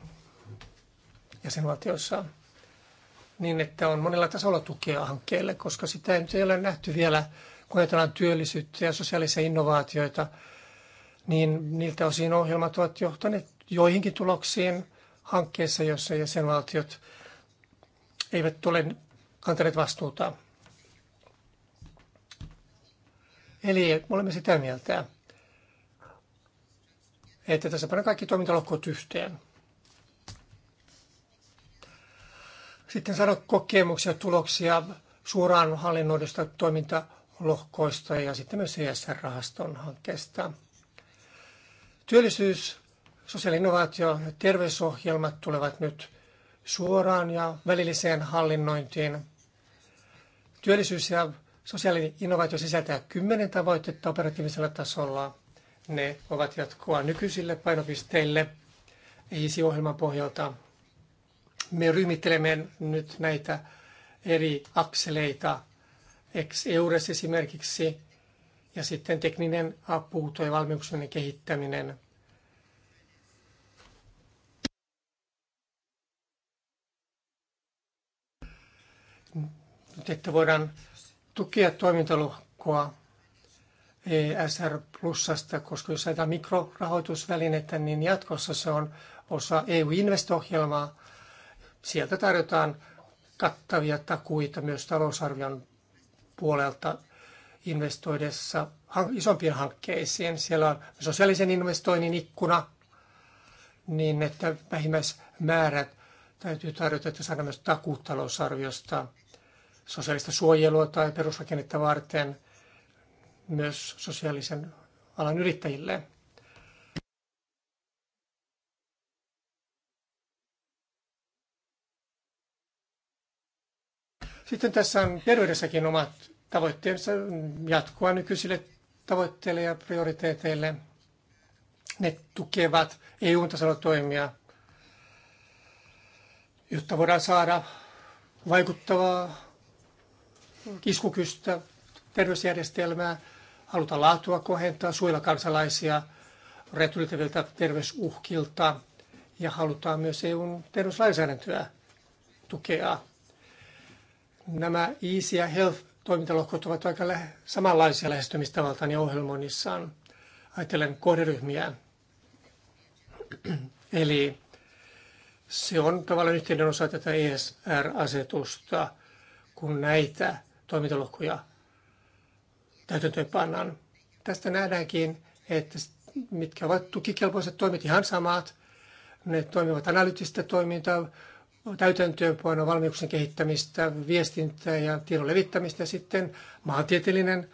jäsenvaltioissa niin, että on monella tasolla tukea hankkeelle, koska sitä ei ole nähty vielä, kun ajatellaan työllisyyttä ja sosiaalisia innovaatioita, niin niiltä osin ohjelmat ovat johtaneet joihinkin tuloksiin hankkeissa, joissa jäsenvaltiot eivät ole kantaneet vastuuta. Eli olemme sitä mieltä, että tässä pannaan kaikki toimintalohkot yhteen. Sitten saada kokemuksia, tuloksia suoraan hallinnoidusta toimintalohkoista ja sitten myös CSR-rahaston hankkeesta. Työllisyys, sosiaalinnovaatio ja terveysohjelmat tulevat nyt suoraan ja välilliseen hallinnointiin. Työllisyys- ja Sosiaalinen innovaatio sisältää kymmenen tavoitetta operatiivisella tasolla. Ne ovat jatkoa nykyisille painopisteille EISI-ohjelman pohjalta. Me ryhmittelemme nyt näitä eri akseleita, ex-EURES esimerkiksi, ja sitten tekninen apu ja valmiuksien kehittäminen. Nyt, että voidaan tukea toimintalohkoa ESR Plusasta, koska jos ajatellaan mikrorahoitusvälinettä, niin jatkossa se on osa EU-investohjelmaa. Sieltä tarjotaan kattavia takuita myös talousarvion puolelta investoidessa isompiin hankkeisiin. Siellä on sosiaalisen investoinnin ikkuna, niin että vähimmäismäärät täytyy tarjota, että saadaan myös takuut talousarviosta – sosiaalista suojelua tai perusrakennetta varten myös sosiaalisen alan yrittäjille. Sitten tässä on terveydessäkin omat tavoitteensa jatkoa nykyisille tavoitteille ja prioriteeteille. Ne tukevat EU-tasolla toimia, jotta voidaan saada vaikuttavaa kiskukystä terveysjärjestelmää, halutaan laatua kohentaa, suojella kansalaisia retuliteviltä terveysuhkilta ja halutaan myös EUn terveyslainsäädäntöä tukea. Nämä Easy ja Health-toimintalohkot ovat aika lähe, samanlaisia lähestymistavaltaan ja ohjelmoinnissaan. Ajattelen kohderyhmiä. Eli se on tavallaan yhteinen osa tätä ESR-asetusta, kun näitä toimintalukuja täytäntöön pannaan. Tästä nähdäänkin, että mitkä ovat tukikelpoiset toimit ihan samat. Ne toimivat analyyttistä toimintaa, täytäntöönpanoa, valmiuksien kehittämistä, viestintää ja tiedon levittämistä. Sitten maantieteellinen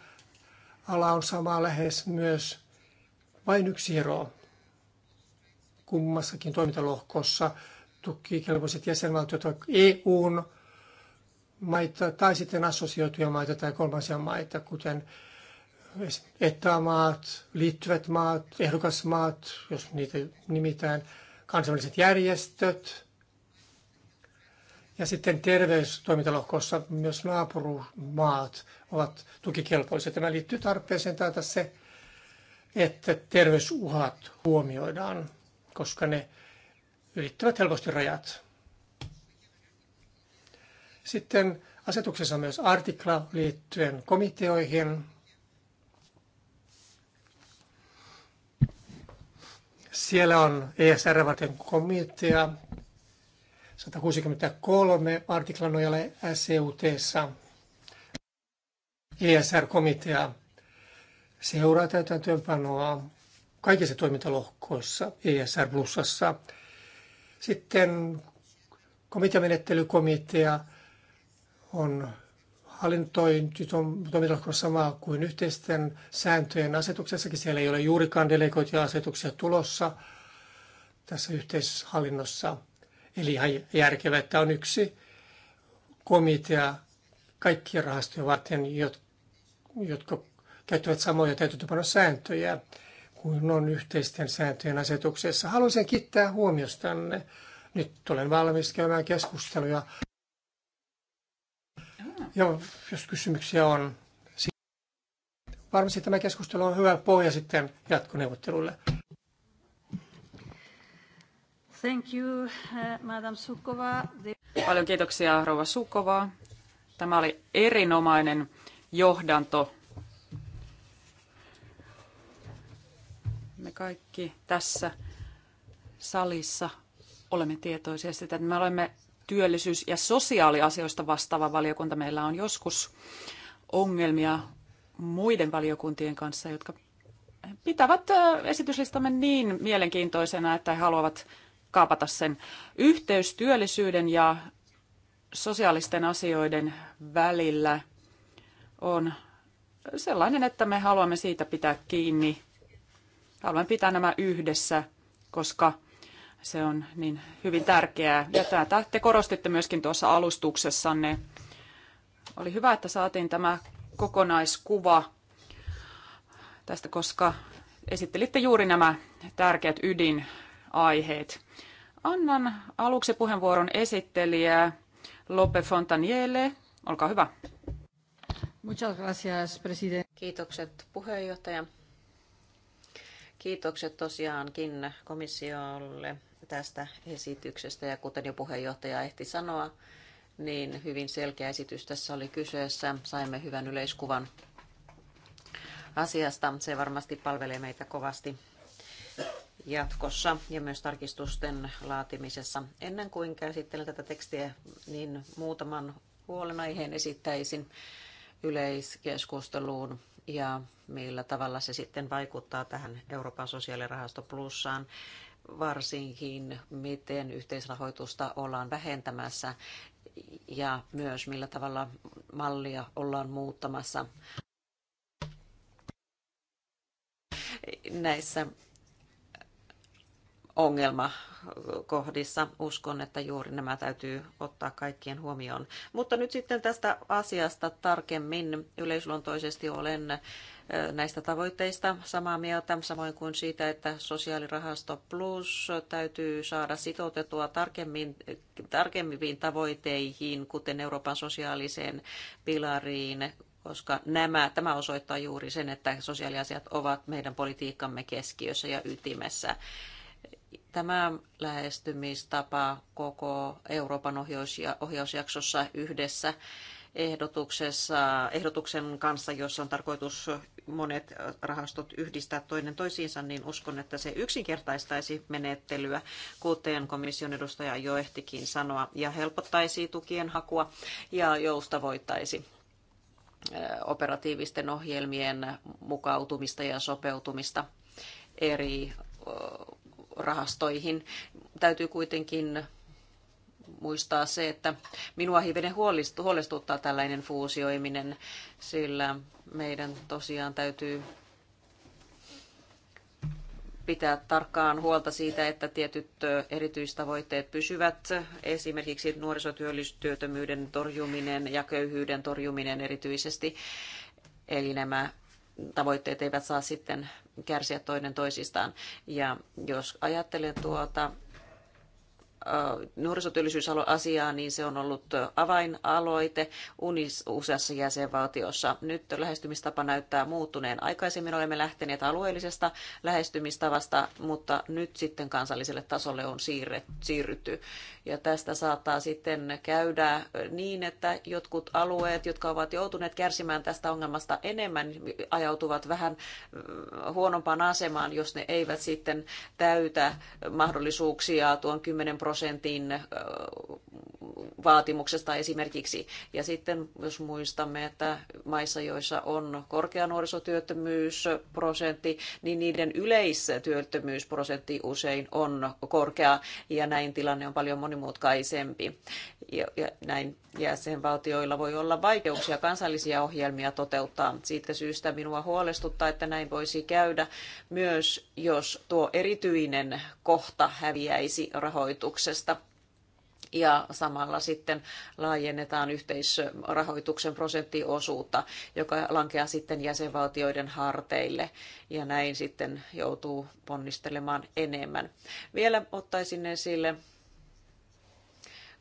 ala on sama lähes myös vain yksi ero kummassakin toimintalohkossa tukikelpoiset jäsenvaltiot ovat EUn maita tai sitten assosioituja maita tai kolmansia maita, kuten etämaat, liittyvät maat, ehdokasmaat, jos niitä nimitään, kansainväliset järjestöt. Ja sitten terveystoimintalohkossa myös naapurumaat ovat tukikelpoisia. Tämä liittyy tarpeeseen taata se, että terveysuhat huomioidaan, koska ne ylittävät helposti rajat. Sitten asetuksessa on myös artikla liittyen komiteoihin. Siellä on ESR varten komitea 163 artiklan nojalla seut ESR-komitea e seuraa täytäntöönpanoa kaikissa toimintalohkoissa ESR Plusassa. Sitten komiteamenettelykomitea on hallintointitoiminnallisuus sama kuin yhteisten sääntöjen asetuksessakin. Siellä ei ole juurikaan delegoituja asetuksia tulossa tässä yhteishallinnossa. Eli ihan järkevää, että on yksi komitea kaikkien rahastojen varten, jotka käyttävät samoja sääntöjä kuin on yhteisten sääntöjen asetuksessa. Haluaisin kiittää huomiostanne. Nyt olen valmis käymään keskusteluja Joo, jos kysymyksiä on. Varmasti tämä keskustelu on hyvä pohja sitten jatkoneuvotteluille. Thank you, eh, Madam Sukova. Paljon kiitoksia, Rouva Sukova. Tämä oli erinomainen johdanto. Me kaikki tässä salissa olemme tietoisia siitä, että me olemme työllisyys- ja sosiaaliasioista vastaava valiokunta. Meillä on joskus ongelmia muiden valiokuntien kanssa, jotka pitävät esityslistamme niin mielenkiintoisena, että he haluavat kaapata sen yhteys työllisyyden ja sosiaalisten asioiden välillä on sellainen, että me haluamme siitä pitää kiinni. Haluamme pitää nämä yhdessä, koska – se on niin hyvin tärkeää. Ja tätä te korostitte myöskin tuossa alustuksessanne. Oli hyvä, että saatiin tämä kokonaiskuva tästä, koska esittelitte juuri nämä tärkeät ydinaiheet. Annan aluksi puheenvuoron esittelijä Lope Fontanielle. Olkaa hyvä. Muchas gracias, presidente. Kiitokset puheenjohtaja. Kiitokset tosiaankin komissiolle tästä esityksestä ja kuten jo puheenjohtaja ehti sanoa, niin hyvin selkeä esitys tässä oli kyseessä. Saimme hyvän yleiskuvan asiasta. Se varmasti palvelee meitä kovasti jatkossa ja myös tarkistusten laatimisessa. Ennen kuin käsittelen tätä tekstiä, niin muutaman huolenaiheen esittäisin yleiskeskusteluun ja millä tavalla se sitten vaikuttaa tähän Euroopan sosiaalirahasto plussaan varsinkin miten yhteisrahoitusta ollaan vähentämässä ja myös millä tavalla mallia ollaan muuttamassa näissä ongelmakohdissa. Uskon, että juuri nämä täytyy ottaa kaikkien huomioon. Mutta nyt sitten tästä asiasta tarkemmin. Yleisluontoisesti olen näistä tavoitteista samaa mieltä, samoin kuin siitä, että sosiaalirahasto plus täytyy saada sitoutettua tarkemmin, tarkemmin tavoiteihin, kuten Euroopan sosiaaliseen pilariin, koska nämä, tämä osoittaa juuri sen, että sosiaaliasiat ovat meidän politiikkamme keskiössä ja ytimessä. Tämä lähestymistapa koko Euroopan ohjaus- ja ohjausjaksossa yhdessä ehdotuksessa, ehdotuksen kanssa, jossa on tarkoitus monet rahastot yhdistää toinen toisiinsa, niin uskon, että se yksinkertaistaisi menettelyä, kuten komission edustaja jo ehtikin sanoa, ja helpottaisi tukien hakua ja joustavoittaisi operatiivisten ohjelmien mukautumista ja sopeutumista eri rahastoihin. Täytyy kuitenkin muistaa se, että minua hivenen huolestuttaa tällainen fuusioiminen, sillä meidän tosiaan täytyy pitää tarkkaan huolta siitä, että tietyt erityistavoitteet pysyvät, esimerkiksi nuorisotyöllisyystyöttömyyden torjuminen ja köyhyyden torjuminen erityisesti. Eli nämä tavoitteet eivät saa sitten kärsiä toinen toisistaan. Ja jos ajattelen tuota nuorisotyöllisyysasiaa, niin se on ollut avainaloite useassa jäsenvaltiossa. Nyt lähestymistapa näyttää muuttuneen. Aikaisemmin olemme lähteneet alueellisesta lähestymistavasta, mutta nyt sitten kansalliselle tasolle on siirrytty. Ja tästä saattaa sitten käydä niin, että jotkut alueet, jotka ovat joutuneet kärsimään tästä ongelmasta enemmän, ajautuvat vähän huonompaan asemaan, jos ne eivät sitten täytä mahdollisuuksia tuon 10 prosentin vaatimuksesta esimerkiksi. Ja sitten jos muistamme, että maissa, joissa on korkea nuorisotyöttömyysprosentti, niin niiden yleistyöttömyysprosentti usein on korkea ja näin tilanne on paljon monimutkaisempi. Ja, ja näin jäsenvaltioilla voi olla vaikeuksia kansallisia ohjelmia toteuttaa. Siitä syystä minua huolestuttaa, että näin voisi käydä myös, jos tuo erityinen kohta häviäisi rahoituksesta ja samalla sitten laajennetaan yhteisrahoituksen prosenttiosuutta, joka lankeaa sitten jäsenvaltioiden harteille ja näin sitten joutuu ponnistelemaan enemmän. Vielä ottaisin esille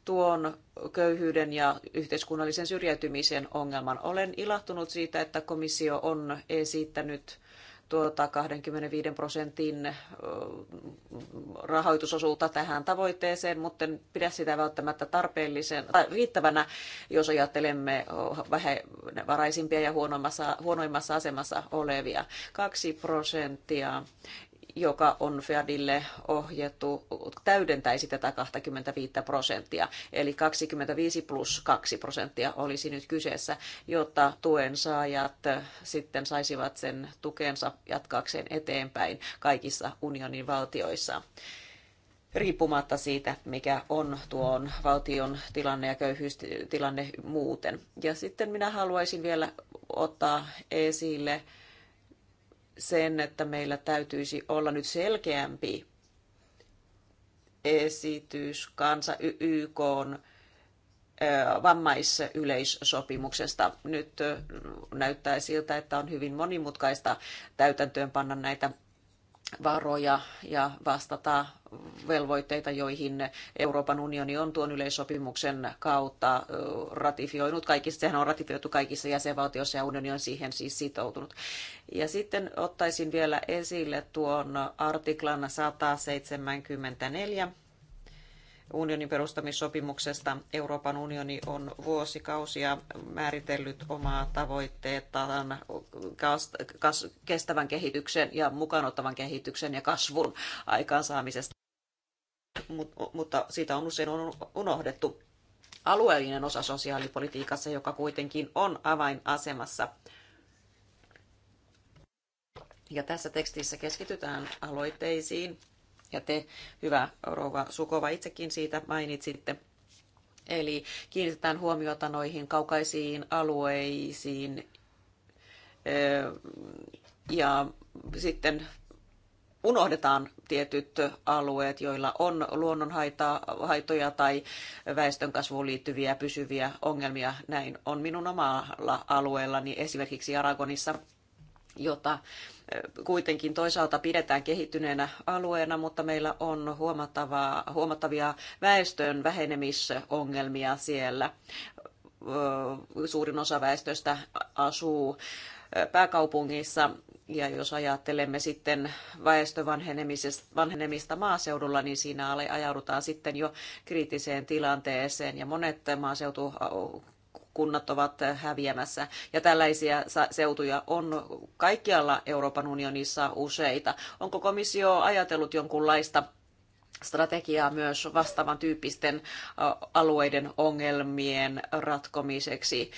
tuon köyhyyden ja yhteiskunnallisen syrjäytymisen ongelman. Olen ilahtunut siitä, että komissio on esittänyt tuota 25 prosentin rahoitusosuutta tähän tavoitteeseen, mutta en pidä sitä välttämättä tarpeellisen tai riittävänä, jos ajattelemme vähävaraisimpia ja huonoimmassa, huonoimmassa asemassa olevia. 2 prosenttia joka on Fedille ohjattu, täydentäisi tätä 25 prosenttia. Eli 25 plus 2 prosenttia olisi nyt kyseessä, jotta tuen saajat sitten saisivat sen tukensa jatkaakseen eteenpäin kaikissa unionin valtioissa riippumatta siitä, mikä on tuon valtion tilanne ja köyhyystilanne muuten. Ja sitten minä haluaisin vielä ottaa esille sen, että meillä täytyisi olla nyt selkeämpi esitys kansa YK vammaisyleissopimuksesta. Nyt näyttää siltä, että on hyvin monimutkaista täytäntöönpanna näitä varoja ja vastata velvoitteita, joihin Euroopan unioni on tuon yleissopimuksen kautta ratifioinut. Kaikissa, sehän on ratifioitu kaikissa jäsenvaltioissa ja unioni on siihen siis sitoutunut. Ja sitten ottaisin vielä esille tuon artiklan 174 unionin perustamissopimuksesta Euroopan unioni on vuosikausia määritellyt omaa tavoitteettaan kestävän kehityksen ja mukanottavan kehityksen ja kasvun aikaansaamisesta, Mut, mutta siitä on usein unohdettu alueellinen osa sosiaalipolitiikassa, joka kuitenkin on avainasemassa. Ja tässä tekstissä keskitytään aloitteisiin, ja te, hyvä rouva Sukova, itsekin siitä mainitsitte. Eli kiinnitetään huomiota noihin kaukaisiin alueisiin ja sitten unohdetaan tietyt alueet, joilla on luonnonhaitoja tai väestönkasvuun liittyviä pysyviä ongelmia. Näin on minun omalla alueellani esimerkiksi Aragonissa jota eh, kuitenkin toisaalta pidetään kehittyneenä alueena, mutta meillä on huomattavaa, huomattavia väestön vähenemisongelmia siellä. Eh, suurin osa väestöstä asuu eh, pääkaupungissa ja jos ajattelemme sitten vanhenemista maaseudulla, niin siinä ajaudutaan sitten jo kriittiseen tilanteeseen. Ja monet maaseutu kunnat ovat häviämässä. Ja tällaisia seutuja on kaikkialla Euroopan unionissa useita. Onko komissio ajatellut jonkunlaista strategiaa myös vastaavan tyyppisten alueiden ongelmien ratkomiseksi,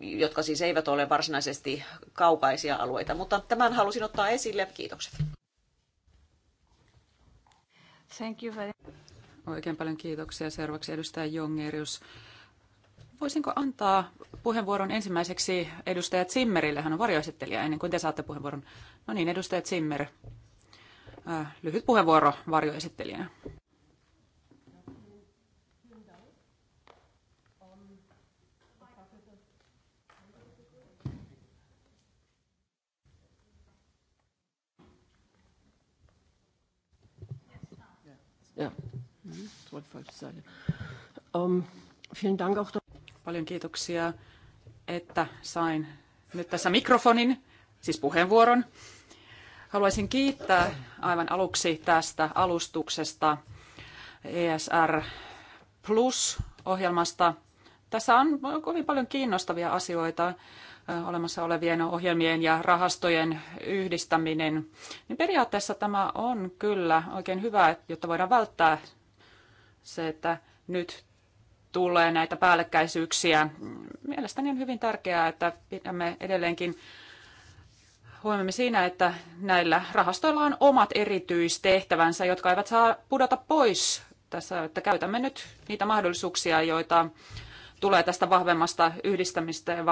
jotka siis eivät ole varsinaisesti kaukaisia alueita. Mutta tämän halusin ottaa esille. Kiitokset. Thank you very... Oikein paljon kiitoksia. Seuraavaksi edustaja Jongerius Voisinko antaa puheenvuoron ensimmäiseksi edustaja Zimmerille? Hän on varjoesittelijä ennen kuin te saatte puheenvuoron. No niin, edustaja Zimmer. Äh, lyhyt puheenvuoro varjoesittelijänä. Ja, 12 Seiten. Um, vielen Dank auch. Paljon kiitoksia, että sain nyt tässä mikrofonin, siis puheenvuoron. Haluaisin kiittää aivan aluksi tästä alustuksesta ESR Plus-ohjelmasta. Tässä on kovin paljon kiinnostavia asioita äh, olemassa olevien ohjelmien ja rahastojen yhdistäminen, niin periaatteessa tämä on kyllä oikein hyvä, jotta voidaan välttää se, että nyt tulee näitä päällekkäisyyksiä. Mielestäni on hyvin tärkeää, että pidämme edelleenkin huomioimme siinä, että näillä rahastoilla on omat erityistehtävänsä, jotka eivät saa pudota pois tässä, että käytämme nyt niitä mahdollisuuksia, joita tulee tästä vahvemmasta yhdistämistä ja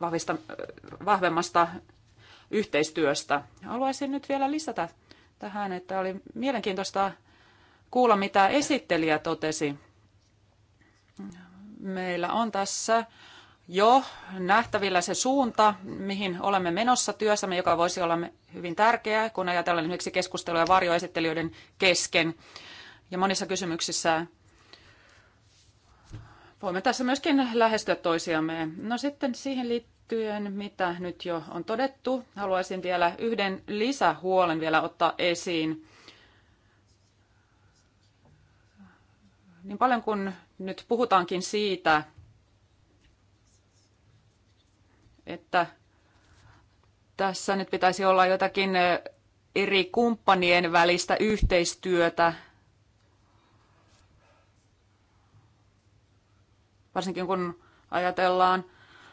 vahvista, vahvemmasta yhteistyöstä. Haluaisin nyt vielä lisätä tähän, että oli mielenkiintoista kuulla, mitä esittelijä totesi meillä on tässä jo nähtävillä se suunta, mihin olemme menossa työssämme, joka voisi olla hyvin tärkeää, kun ajatellaan esimerkiksi keskusteluja varjoesittelijöiden kesken. Ja monissa kysymyksissä voimme tässä myöskin lähestyä toisiamme. No sitten siihen liittyen, mitä nyt jo on todettu, haluaisin vielä yhden lisähuolen vielä ottaa esiin. Niin paljon kuin nyt puhutaankin siitä, että tässä nyt pitäisi olla jotakin eh, eri kumppanien välistä yhteistyötä, varsinkin kun ajatellaan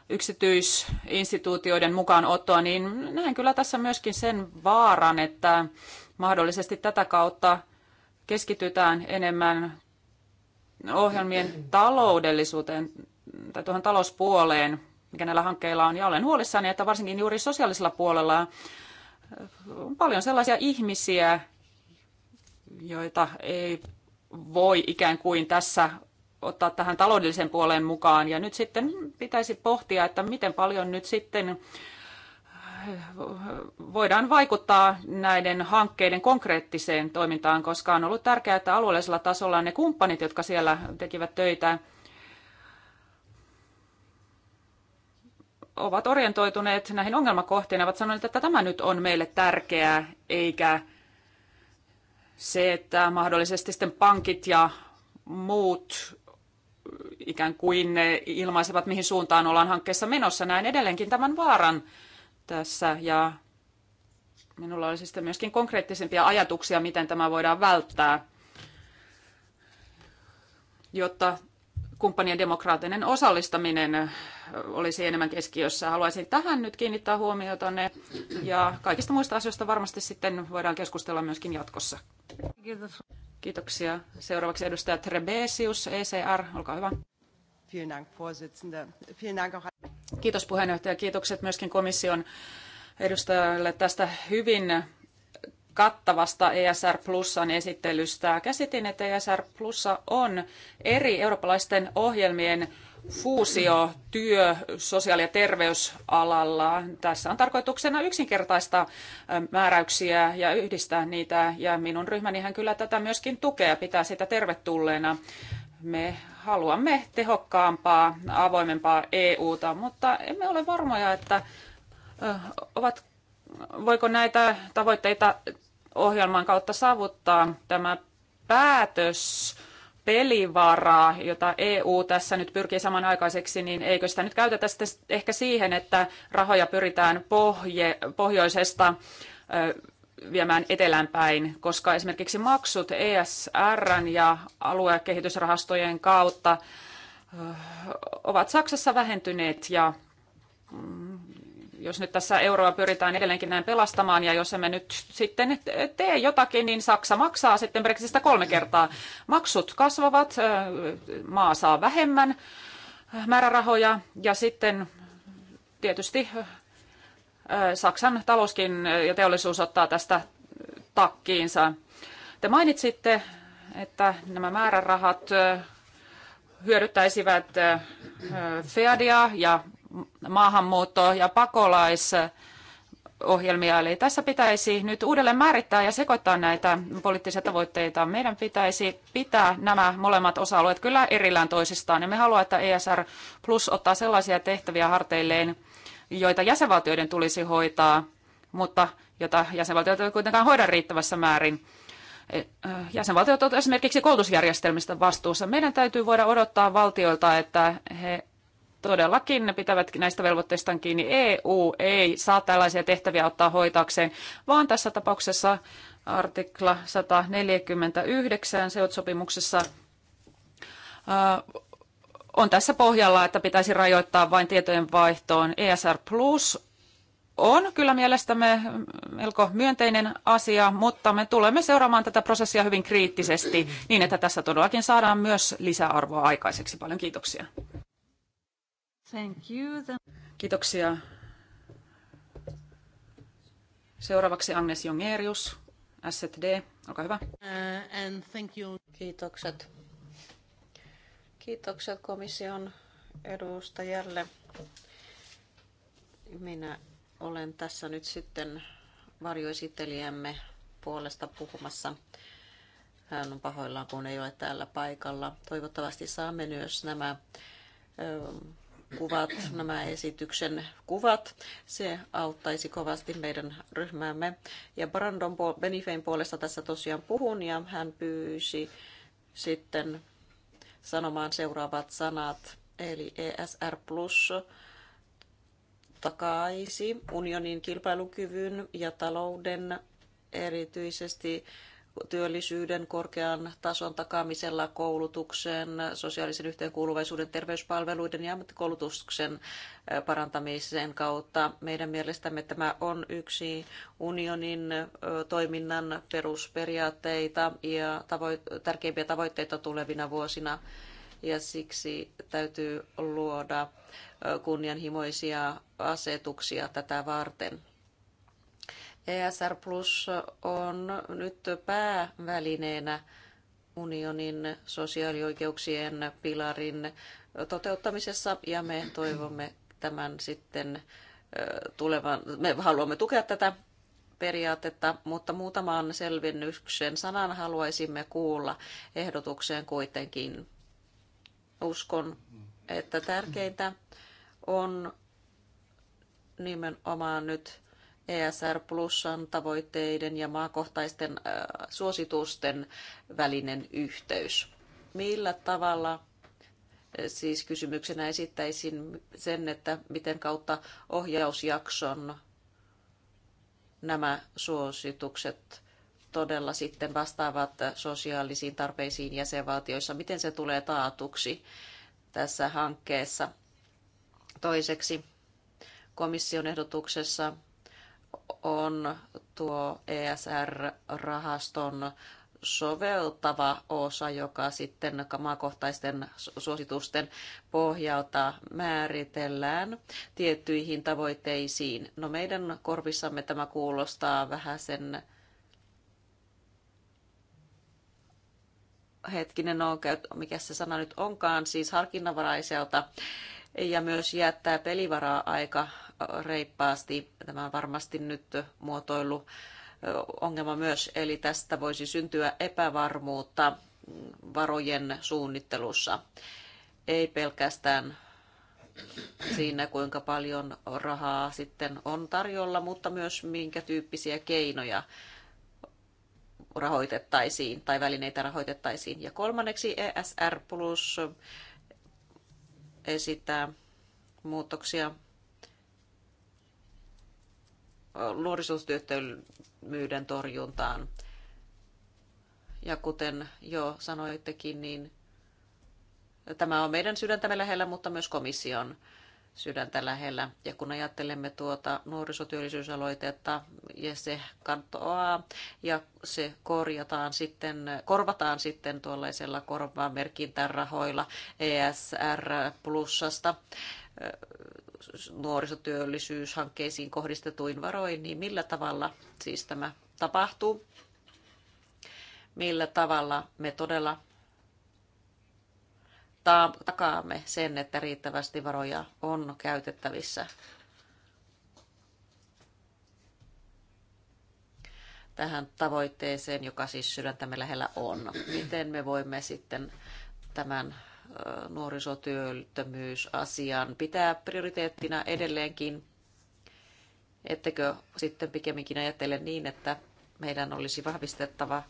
yksityisinstituutioiden mukaanottoa, niin näen kyllä tässä myöskin sen vaaran, että mahdollisesti tätä kautta keskitytään enemmän ohjelmien taloudellisuuteen tai tuohon talouspuoleen, mikä näillä hankkeilla on. Ja olen huolissani, että varsinkin juuri sosiaalisella puolella äh, on paljon sellaisia ihmisiä, joita ei voi ikään kuin tässä ottaa tähän taloudellisen puoleen mukaan. Ja nyt sitten pitäisi pohtia, että miten paljon nyt sitten voidaan vaikuttaa näiden hankkeiden konkreettiseen toimintaan, koska on ollut tärkeää, että alueellisella tasolla ne kumppanit, jotka siellä tekivät töitä, ovat orientoituneet näihin ongelmakohtiin ja ovat sanoneet, että tämä nyt on meille tärkeää, eikä se, että mahdollisesti sitten pankit ja muut ikään kuin ilmaisevat, mihin suuntaan ollaan hankkeessa menossa. Näen edelleenkin tämän vaaran tässä ja minulla olisi sitten myöskin konkreettisempia ajatuksia, miten tämä voidaan välttää, jotta kumppanien demokraattinen osallistaminen olisi enemmän keskiössä. Haluaisin tähän nyt kiinnittää huomiota ne ja kaikista muista asioista varmasti sitten voidaan keskustella myöskin jatkossa. Kiitoksia. Seuraavaksi edustaja Trebesius, ECR, olkaa hyvä. Kiitos puheenjohtaja. Kiitokset myöskin komission edustajalle tästä hyvin kattavasta ESR Plusan esittelystä. Käsitin, että ESR Plussa on eri eurooppalaisten ohjelmien fuusio työ sosiaali- ja terveysalalla. Tässä on tarkoituksena yksinkertaista määräyksiä ja yhdistää niitä, ja minun ryhmänihän kyllä tätä myöskin tukea, pitää sitä tervetulleena me haluamme tehokkaampaa, avoimempaa EUta, mutta emme ole varmoja, että ovat, voiko näitä tavoitteita ohjelman kautta saavuttaa tämä päätös pelivaraa, jota EU tässä nyt pyrkii samanaikaiseksi, niin eikö sitä nyt käytetä sitten ehkä siihen, että rahoja pyritään pohje, pohjoisesta viemään etelänpäin, koska esimerkiksi maksut ESR ja aluekehitysrahastojen kautta äh, ovat Saksassa vähentyneet ja mm, jos nyt tässä euroa pyritään edelleenkin näin pelastamaan ja jos emme nyt sitten tee jotakin, niin Saksa maksaa sitten Brexitistä kolme kertaa. Maksut kasvavat, äh, maa saa vähemmän äh, määrärahoja ja sitten tietysti Saksan talouskin ja teollisuus ottaa tästä takkiinsa. Te mainitsitte, että nämä määrärahat hyödyttäisivät FEADia ja maahanmuutto- ja pakolaisohjelmia. Eli tässä pitäisi nyt uudelleen määrittää ja sekoittaa näitä poliittisia tavoitteita. Meidän pitäisi pitää nämä molemmat osa-alueet kyllä erillään toisistaan. Ja me haluamme, että ESR Plus ottaa sellaisia tehtäviä harteilleen, joita jäsenvaltioiden tulisi hoitaa, mutta jota jäsenvaltiot eivät kuitenkaan hoida riittävässä määrin. E, jäsenvaltiot ovat esimerkiksi koulutusjärjestelmistä vastuussa. Meidän täytyy voida odottaa valtioilta, että he todellakin ne pitävät näistä velvoitteistaan kiinni. EU ei saa tällaisia tehtäviä ottaa hoitaakseen, vaan tässä tapauksessa artikla 149 seutsopimuksessa on tässä pohjalla, että pitäisi rajoittaa vain tietojen vaihtoon. ESR Plus on kyllä mielestämme melko myönteinen asia, mutta me tulemme seuraamaan tätä prosessia hyvin kriittisesti niin, että tässä todellakin saadaan myös lisäarvoa aikaiseksi. Paljon kiitoksia. Thank you. Kiitoksia. Seuraavaksi Agnes Jongerius, SZD, olkaa hyvä. Uh, and thank you. Kiitokset Kiitokset komission edustajalle. Minä olen tässä nyt sitten varjoesittelijämme puolesta puhumassa. Hän on pahoillaan, kun ei ole täällä paikalla. Toivottavasti saamme myös nämä kuvat, nämä esityksen kuvat. Se auttaisi kovasti meidän ryhmäämme. Ja Brandon Benifein puolesta tässä tosiaan puhun ja hän pyysi sitten sanomaan seuraavat sanat. Eli ESR Plus takaisi unionin kilpailukyvyn ja talouden erityisesti työllisyyden korkean tason takaamisella, koulutuksen, sosiaalisen yhteenkuuluvaisuuden, terveyspalveluiden ja ammattikoulutuksen äh, parantamisen kautta. Meidän mielestämme tämä on yksi unionin toiminnan perusperiaatteita ja tärkeimpiä tavoitteita tulevina vuosina ja siksi täytyy luoda kunnianhimoisia asetuksia tätä varten. ESR Plus on nyt päävälineenä unionin sosiaalioikeuksien pilarin toteuttamisessa ja me toivomme tämän sitten tulevan, me haluamme tukea tätä periaatetta, mutta muutaman selvennyksen sanan haluaisimme kuulla ehdotukseen kuitenkin. Uskon, että tärkeintä on nimenomaan nyt ESR Plusan tavoitteiden ja maakohtaisten äh, suositusten välinen yhteys. Millä tavalla äh, siis kysymyksenä esittäisin sen, että miten kautta ohjausjakson nämä suositukset todella sitten vastaavat sosiaalisiin tarpeisiin jäsenvaltioissa, miten se tulee taatuksi tässä hankkeessa. Toiseksi komission ehdotuksessa on tuo ESR-rahaston soveltava osa, joka sitten maakohtaisten suositusten pohjalta määritellään tiettyihin tavoitteisiin. No meidän korvissamme tämä kuulostaa vähän sen hetkinen, on, no, mikä se sana nyt onkaan, siis harkinnanvaraiselta ja myös jättää pelivaraa aika reippaasti. Tämä on varmasti nyt muotoilu ongelma myös, eli tästä voisi syntyä epävarmuutta varojen suunnittelussa. Ei pelkästään siinä, kuinka paljon rahaa sitten on tarjolla, mutta myös minkä tyyppisiä keinoja rahoitettaisiin tai välineitä rahoitettaisiin. Ja kolmanneksi ESR Plus esittää muutoksia nuorisotyöttömyyden torjuntaan. Ja kuten jo sanoittekin, niin tämä on meidän sydäntämme lähellä, mutta myös komission sydäntä lähellä. Ja kun ajattelemme tuota nuorisotyöllisyysaloitetta ja se kantoaa ja se korjataan sitten, korvataan sitten tuollaisella korvaamerkintärahoilla ESR plussasta, nuorisotyöllisyyshankkeisiin kohdistetuin varoin, niin millä tavalla siis tämä tapahtuu? Millä tavalla me todella takaamme sen, että riittävästi varoja on käytettävissä tähän tavoitteeseen, joka siis sydäntämme lähellä on. Miten me voimme sitten tämän Äh, nuorisotyöttömyysasian pitää prioriteettina edelleenkin. Ettekö sitten pikemminkin ajattele niin, että meidän olisi vahvistettava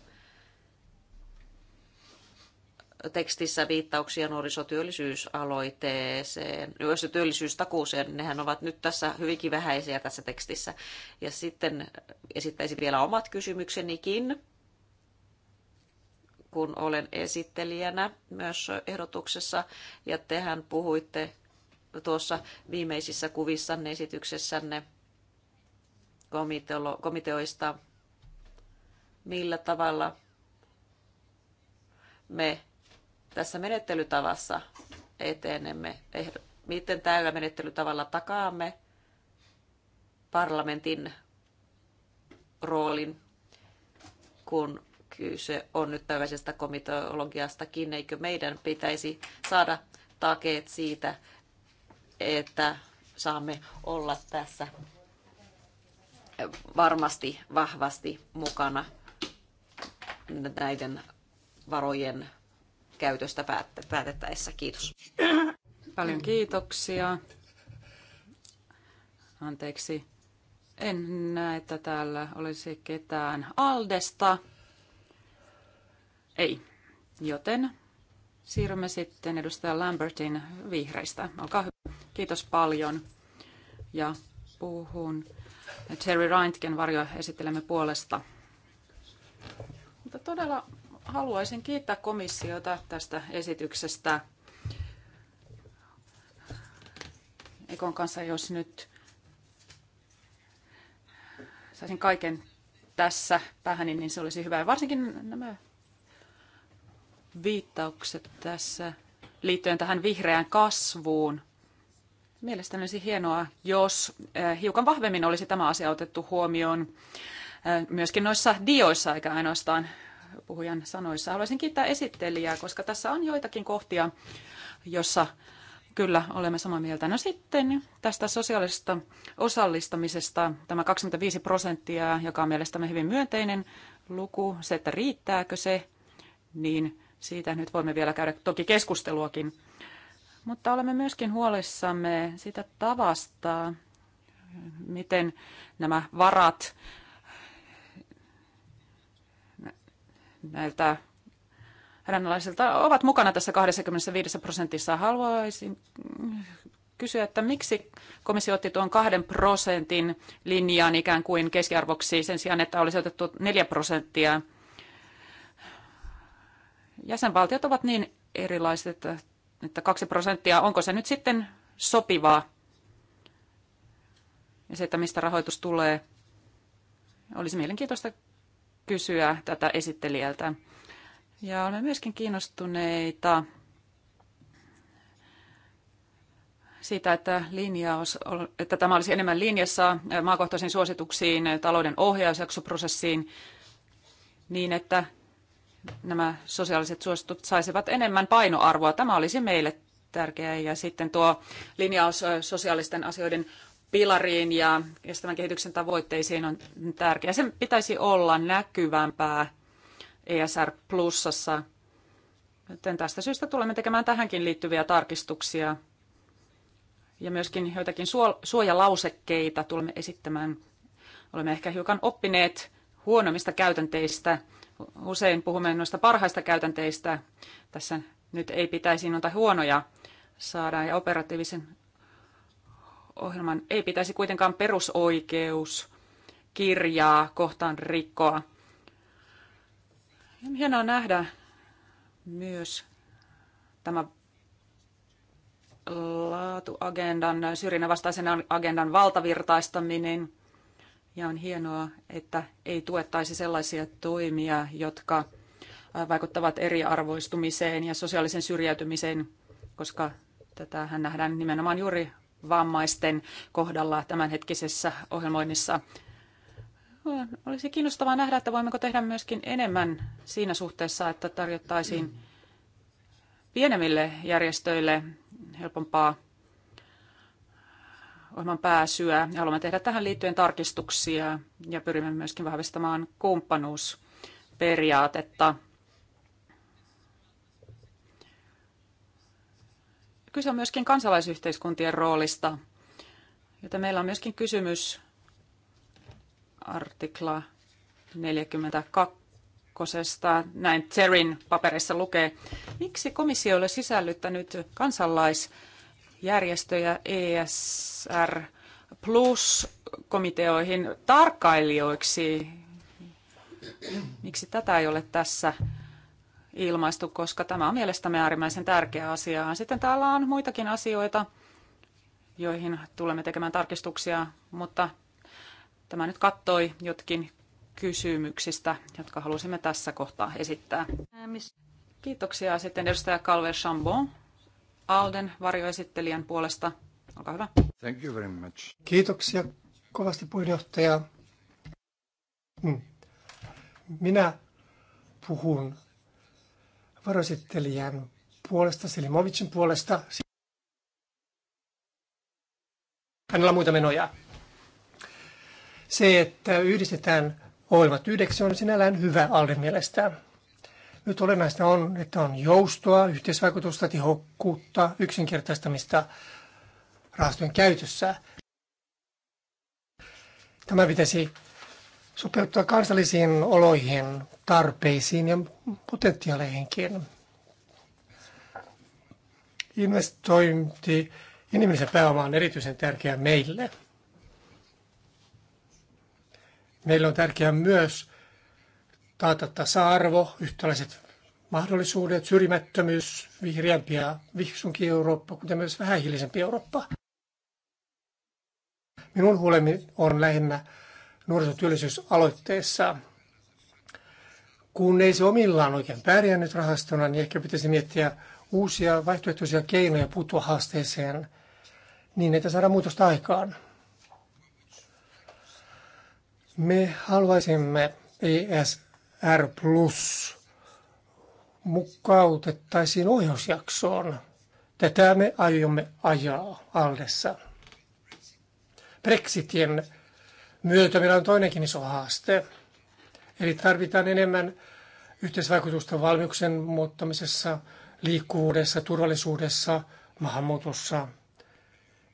tekstissä viittauksia nuorisotyöllisyysaloiteeseen, nuorisotyöllisyystakuuseen, nehän ovat nyt tässä hyvinkin vähäisiä tässä tekstissä. Ja sitten esittäisin vielä omat kysymyksenikin kun olen esittelijänä myös ehdotuksessa, ja tehän puhuitte tuossa viimeisissä kuvissanne esityksessänne komiteoista, millä tavalla me tässä menettelytavassa etenemme, eh, miten tällä menettelytavalla takaamme parlamentin roolin, kun kyse on nyt tällaisesta komitologiastakin, eikö meidän pitäisi saada takeet siitä, että saamme olla tässä varmasti vahvasti mukana näiden varojen käytöstä päätettäessä. Kiitos. Paljon kiitoksia. Anteeksi, en näe, että täällä olisi ketään Aldesta. Ei. Joten siirrymme sitten edustaja Lambertin vihreistä. Olkaa hyvä. Kiitos paljon. Ja puhun Terry Reintgen varjo esittelemme puolesta. Mutta todella haluaisin kiittää komissiota tästä esityksestä. Ekon kanssa, jos nyt saisin kaiken tässä päähän, niin se olisi hyvä. Ja varsinkin nämä viittaukset tässä liittyen tähän vihreään kasvuun. Mielestäni olisi hienoa, jos eh, hiukan vahvemmin olisi tämä asia otettu huomioon eh, myöskin noissa dioissa, eikä ainoastaan puhujan sanoissa. Haluaisin kiittää esittelijää, koska tässä on joitakin kohtia, jossa kyllä olemme samaa mieltä. No sitten tästä sosiaalisesta osallistamisesta tämä 25 prosenttia, joka on mielestämme hyvin myönteinen luku, se, että riittääkö se, niin siitä nyt voimme vielä käydä toki keskusteluakin. Mutta olemme myöskin huolissamme sitä tavasta, miten nämä varat näiltä hädänalaisilta ovat mukana tässä 25 prosentissa. Haluaisin kysyä, että miksi komissio otti tuon kahden prosentin linjan ikään kuin keskiarvoksi sen sijaan, että olisi otettu neljä prosenttia – jäsenvaltiot ovat niin erilaiset, että, että 2 prosenttia, onko se nyt sitten sopivaa? Ja se, että mistä rahoitus tulee, olisi mielenkiintoista kysyä tätä esittelijältä. Ja olemme myöskin kiinnostuneita siitä, että, linjaus, että tämä olisi enemmän linjassa maakohtaisiin suosituksiin, talouden ohjausjaksoprosessiin, niin että nämä sosiaaliset suositukset saisivat enemmän painoarvoa. Tämä olisi meille tärkeää. Ja sitten tuo linjaus sosiaalisten asioiden pilariin ja kestävän kehityksen tavoitteisiin on tärkeää. Sen pitäisi olla näkyvämpää ESR Plusassa. Joten tästä syystä tulemme tekemään tähänkin liittyviä tarkistuksia ja myöskin joitakin suojalausekkeita tulemme esittämään. Olemme ehkä hiukan oppineet huonommista käytänteistä – usein puhumme noista parhaista käytänteistä. Tässä nyt ei pitäisi noita huonoja saada ja operatiivisen ohjelman ei pitäisi kuitenkaan perusoikeus kirjaa kohtaan rikkoa. Hienoa nähdä myös tämä laatuagendan, syrjinnän vastaisen agendan valtavirtaistaminen. Ja on hienoa, että ei tuettaisi sellaisia toimia, jotka äh, vaikuttavat eriarvoistumiseen ja sosiaalisen syrjäytymiseen, koska hän nähdään nimenomaan juuri vammaisten kohdalla tämänhetkisessä ohjelmoinnissa. Olisi kiinnostavaa nähdä, että voimmeko tehdä myöskin enemmän siinä suhteessa, että tarjottaisiin pienemmille järjestöille helpompaa ohjelman pääsyä ja haluamme tehdä tähän liittyen tarkistuksia ja pyrimme myöskin vahvistamaan kumppanuusperiaatetta. Kyse on myöskin kansalaisyhteiskuntien roolista, joten meillä on myöskin kysymys artikla 42. Näin Terin paperissa lukee, miksi komissio ei ole sisällyttänyt kansalais- järjestöjä ESR Plus-komiteoihin tarkkailijoiksi. Miksi tätä ei ole tässä ilmaistu, koska tämä on mielestämme äärimmäisen tärkeä asia. Sitten täällä on muitakin asioita, joihin tulemme tekemään tarkistuksia, mutta tämä nyt kattoi jotkin kysymyksistä, jotka halusimme tässä kohtaa esittää. Kiitoksia. Sitten edustaja Calver Chambon. Alden varjoesittelijän puolesta. Olkaa hyvä. Thank you very much. Kiitoksia kovasti puheenjohtaja. Mm. Minä puhun varjoesittelijän puolesta, Selimovicin puolesta. Hänellä on muita menoja. Se, että yhdistetään ohjelmat yhdeksi, on sinällään hyvä Alden mielestään nyt olennaista on, että on joustoa, yhteisvaikutusta, tehokkuutta, yksinkertaistamista rahastojen käytössä. Tämä pitäisi sopeuttaa kansallisiin oloihin, tarpeisiin ja potentiaaleihinkin. Investointi inhimillisen pääoma on erityisen tärkeä meille. Meillä on tärkeää myös taata tasa-arvo, yhtäläiset mahdollisuudet, syrjimättömyys, vihreämpi ja vihsunkin Eurooppa, kuten myös vähähiilisempi Eurooppa. Minun huolemi on lähinnä nuorisotyöllisyysaloitteessa. Kun ei se omillaan oikein pärjännyt rahastona, niin ehkä pitäisi miettiä uusia vaihtoehtoisia keinoja puuttua haasteeseen niin, että saada muutosta aikaan. Me haluaisimme ES R plus mukautettaisiin ohjausjaksoon. Tätä me aiomme ajaa Aldessa. Brexitien myötä meillä on toinenkin iso haaste. Eli tarvitaan enemmän yhteisvaikutusten valmiuksen muuttamisessa, liikkuvuudessa, turvallisuudessa, maahanmuutossa,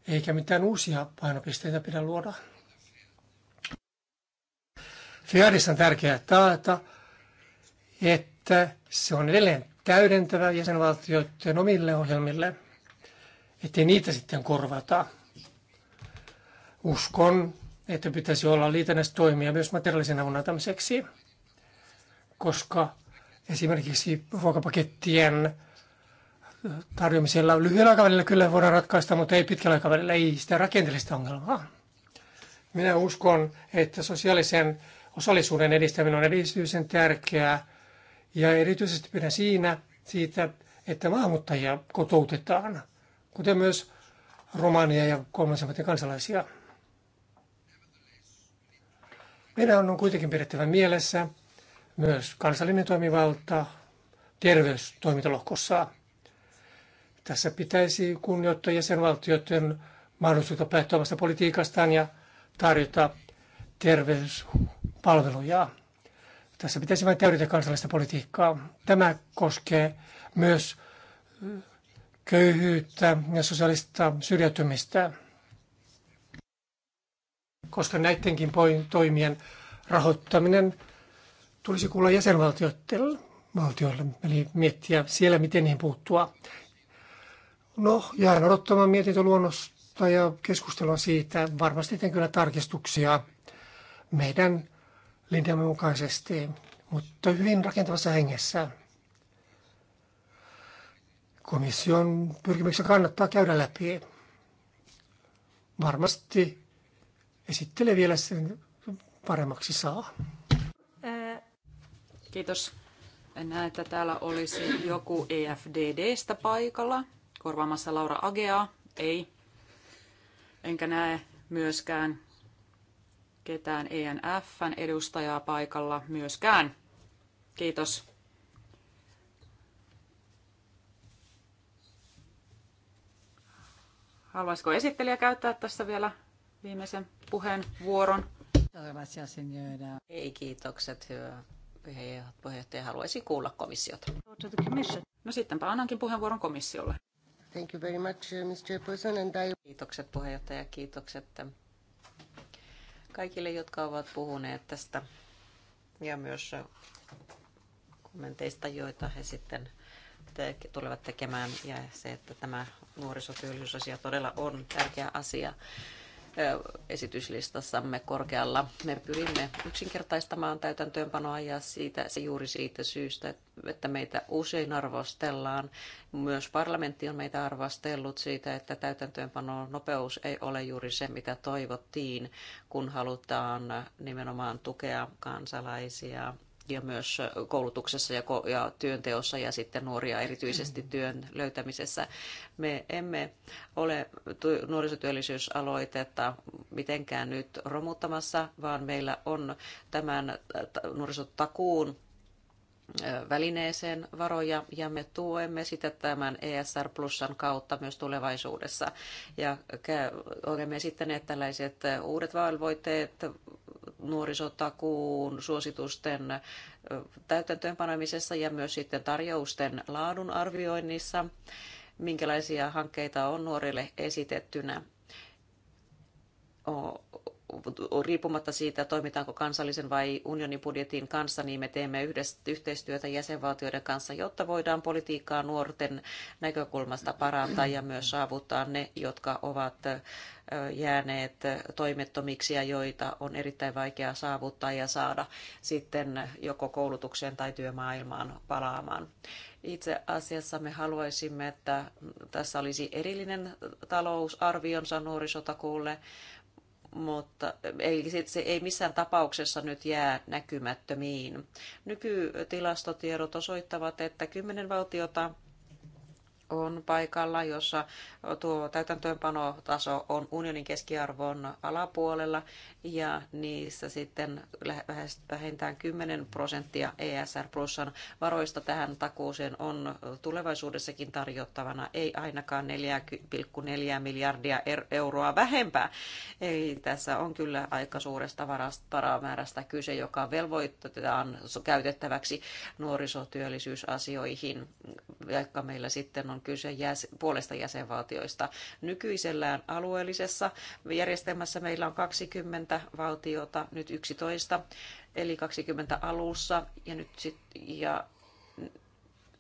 eikä mitään uusia painopisteitä pidä luoda. Fiadissa on tärkeää taata, että se on edelleen täydentävä jäsenvaltioiden omille ohjelmille, ettei niitä sitten korvata. Uskon, että pitäisi olla liitännäistoimia myös materiaalisen avun antamiseksi, koska esimerkiksi ruokapakettien tarjoamisella lyhyellä aikavälillä kyllä voidaan ratkaista, mutta ei pitkällä aikavälillä, ei sitä rakenteellista ongelmaa. Minä uskon, että sosiaalisen osallisuuden edistäminen on erityisen tärkeää ja erityisesti pidän siinä siitä, että maahanmuuttajia kotoutetaan, kuten myös romania ja kolmansen kansalaisia. Meidän on kuitenkin pidettävä mielessä myös kansallinen toimivalta terveystoimintalohkossa. Tässä pitäisi kunnioittaa jäsenvaltioiden mahdollisuutta päättää omasta politiikastaan ja tarjota terveyspalveluja. Tässä pitäisi vain täydentää kansallista politiikkaa. Tämä koskee myös köyhyyttä ja sosiaalista syrjäytymistä, koska näidenkin toimien rahoittaminen tulisi kuulla jäsenvaltioille, eli miettiä siellä, miten niihin puuttua. No, jään odottamaan mietintöluonnosta ja keskustelua siitä. Varmasti teen kyllä tarkistuksia meidän linjamme mukaisesti, mutta hyvin rakentavassa hengessä. Komission pyrkimyksen kannattaa käydä läpi. Varmasti esittelee vielä sen paremmaksi saa. Äh. Kiitos. En näe, että täällä olisi joku EFDDstä paikalla korvaamassa Laura Agea. Ei. Enkä näe myöskään ketään ENFn edustajaa paikalla myöskään. Kiitos. Haluaisiko esittelijä käyttää tässä vielä viimeisen puheenvuoron? Ei kiitokset, hyvä puheenjohtaja. Haluaisin kuulla komissiota. No sittenpä annankin puheenvuoron komissiolle. Thank you very much, Mr. Chairperson, and I... Kiitokset puheenjohtaja, kiitokset kaikille, jotka ovat puhuneet tästä ja myös kommenteista, joita he sitten te- tulevat tekemään ja se, että tämä nuorisotyöllisyysasia todella on tärkeä asia esityslistassamme korkealla. Me pyrimme yksinkertaistamaan täytäntöönpanoa ja siitä, se juuri siitä syystä, että meitä usein arvostellaan. Myös parlamentti on meitä arvostellut siitä, että täytäntöönpanon nopeus ei ole juuri se, mitä toivottiin, kun halutaan nimenomaan tukea kansalaisia ja myös koulutuksessa ja, ja työnteossa ja sitten nuoria erityisesti mm-hmm. työn löytämisessä. Me emme ole nuorisotyöllisyysaloitetta mitenkään nyt romuttamassa, vaan meillä on tämän nuorisotakuun välineeseen varoja ja me tuemme sitä tämän ESR Plusan kautta myös tulevaisuudessa. Ja olemme esittäneet tällaiset uudet velvoitteet nuorisotakuun suositusten täytäntöönpanemisessa ja myös sitten tarjousten laadun arvioinnissa, minkälaisia hankkeita on nuorille esitettynä riippumatta siitä, toimitaanko kansallisen vai unionin budjetin kanssa, niin me teemme yhdessä, yhteistyötä jäsenvaltioiden kanssa, jotta voidaan politiikkaa nuorten näkökulmasta parantaa ja myös saavuttaa ne, jotka ovat jääneet toimettomiksi ja joita on erittäin vaikea saavuttaa ja saada sitten joko koulutukseen tai työmaailmaan palaamaan. Itse asiassa me haluaisimme, että tässä olisi erillinen talousarvionsa nuorisotakuulle mutta eli se ei missään tapauksessa nyt jää näkymättömiin. Nykytilastotiedot osoittavat, että kymmenen valtiota on paikalla, jossa tuo täytäntöönpanotaso on unionin keskiarvon alapuolella ja niissä sitten vähintään 10 prosenttia ESR Plusan varoista tähän takuuseen on tulevaisuudessakin tarjottavana, ei ainakaan 4,4 miljardia er-, euroa vähempää. Eli tässä on kyllä aika suuresta varamäärästä kyse, joka velvoitetaan käytettäväksi nuorisotyöllisyysasioihin, vaikka meillä sitten on on kyse jäs, puolesta jäsenvaltioista. Nykyisellään alueellisessa järjestelmässä meillä on 20 valtiota, nyt 11, eli 20 alussa ja nyt sit, ja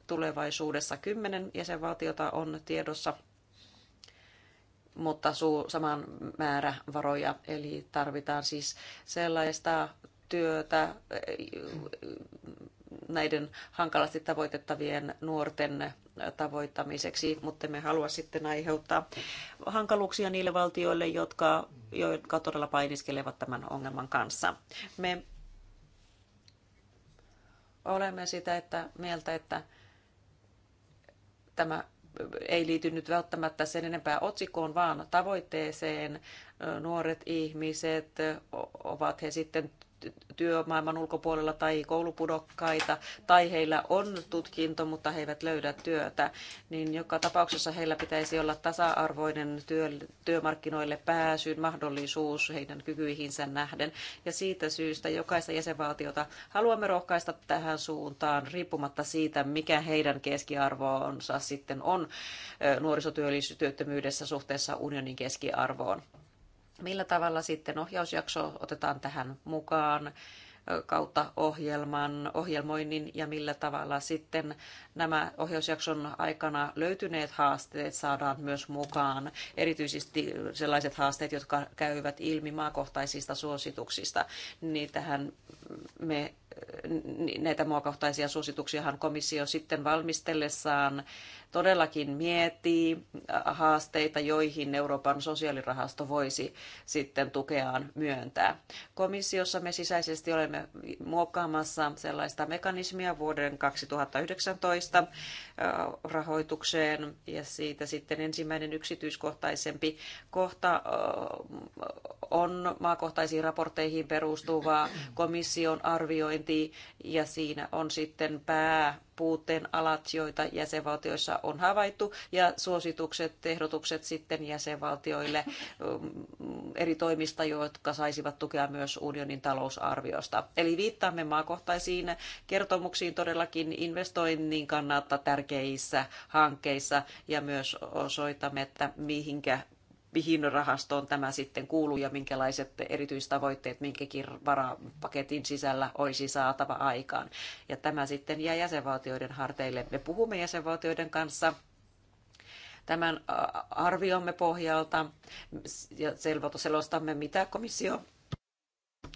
tulevaisuudessa 10 jäsenvaltiota on tiedossa mutta su- saman määrä varoja. Eli tarvitaan siis sellaista työtä eh, näiden hankalasti tavoitettavien nuorten tavoittamiseksi, mutta me halua sitten aiheuttaa hankaluuksia niille valtioille, jotka, jotka todella painiskelevat tämän ongelman kanssa. Me olemme sitä että mieltä, että tämä ei liity nyt välttämättä sen enempää otsikoon, vaan tavoitteeseen. Nuoret ihmiset, ovat he sitten työmaailman ulkopuolella tai koulupudokkaita tai heillä on tutkinto, mutta he eivät löydä työtä, niin joka tapauksessa heillä pitäisi olla tasa-arvoinen työ, työmarkkinoille pääsyn mahdollisuus heidän kykyihinsä nähden. Ja siitä syystä jokaista jäsenvaltiota haluamme rohkaista tähän suuntaan riippumatta siitä, mikä heidän keskiarvoonsa sitten on nuorisotyöttömyydessä suhteessa unionin keskiarvoon. Millä tavalla sitten ohjausjakso otetaan tähän mukaan kautta ohjelman, ohjelmoinnin ja millä tavalla sitten nämä ohjausjakson aikana löytyneet haasteet saadaan myös mukaan, erityisesti sellaiset haasteet, jotka käyvät ilmi maakohtaisista suosituksista. Niitähän me, näitä maakohtaisia suosituksiahan komissio sitten valmistellessaan todellakin miettii haasteita, joihin Euroopan sosiaalirahasto voisi sitten tukeaan myöntää. Komissiossa me sisäisesti olemme muokkaamassa sellaista mekanismia vuoden 2019 rahoitukseen ja siitä sitten ensimmäinen yksityiskohtaisempi kohta on maakohtaisiin raportteihin perustuva komission arviointi ja siinä on sitten pää puutteen alat, joita jäsenvaltioissa on havaittu, ja suositukset, ehdotukset sitten jäsenvaltioille mm, eri toimista, jotka saisivat tukea myös unionin talousarviosta. Eli viittaamme maakohtaisiin kertomuksiin todellakin investoinnin kannalta tärkeissä hankkeissa ja myös osoitamme, että mihinkä mihin rahastoon tämä sitten kuuluu ja minkälaiset erityistavoitteet minkäkin varapaketin sisällä olisi saatava aikaan. Ja tämä sitten jää jäsenvaltioiden harteille. Me puhumme jäsenvaltioiden kanssa tämän arviomme pohjalta ja selostamme, mitä komissio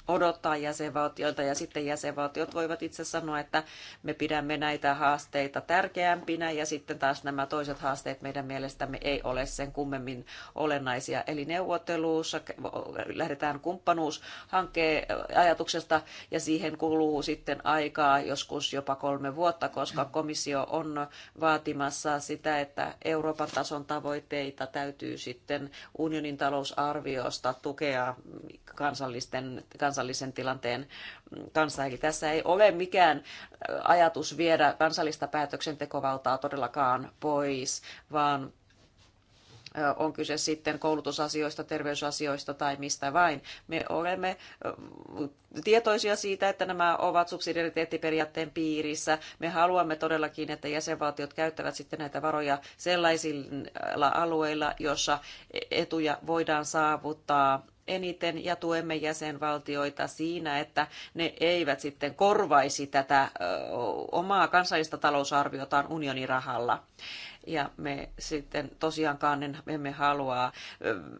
odottaa jäsenvaltioilta ja sitten jäsenvaltiot voivat itse sanoa, että me pidämme näitä haasteita tärkeämpinä ja sitten taas nämä toiset haasteet meidän mielestämme ei ole sen kummemmin olennaisia. Eli neuvotteluussa lähdetään kumppanuushankkeen ajatuksesta ja siihen kuluu sitten aikaa joskus jopa kolme vuotta, koska komissio on vaatimassa sitä, että Euroopan tason tavoitteita täytyy sitten unionin talousarviosta tukea kansallisten, kansallisten kansallisen tilanteen kanssa. Eli tässä ei ole mikään ajatus viedä kansallista päätöksentekovaltaa todellakaan pois, vaan on kyse sitten koulutusasioista, terveysasioista tai mistä vain. Me olemme tietoisia siitä, että nämä ovat subsidiariteettiperiaatteen piirissä. Me haluamme todellakin, että jäsenvaltiot käyttävät sitten näitä varoja sellaisilla alueilla, jossa e-, etuja voidaan saavuttaa eniten ja tuemme jäsenvaltioita siinä, että ne eivät sitten korvaisi tätä omaa kansallista talousarviotaan unionin rahalla. Ja me sitten tosiaankaan emme halua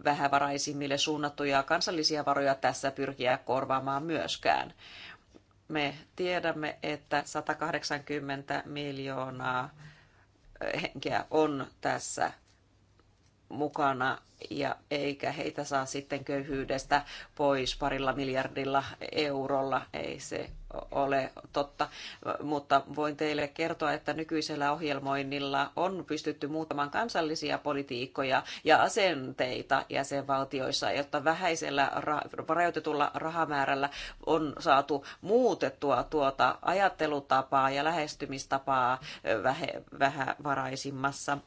vähävaraisimmille suunnattuja kansallisia varoja tässä pyrkiä korvaamaan myöskään. Me tiedämme, että 180 miljoonaa henkeä on tässä mukana ja eikä heitä saa sitten köyhyydestä pois parilla miljardilla eurolla. Ei se ole totta, mutta voin teille kertoa, että nykyisellä ohjelmoinnilla on pystytty muuttamaan kansallisia politiikkoja ja asenteita jäsenvaltioissa, jotta vähäisellä ra- rajoitetulla rahamäärällä on saatu muutettua tuota ajattelutapaa ja lähestymistapaa vähe- vähävaraisimmassa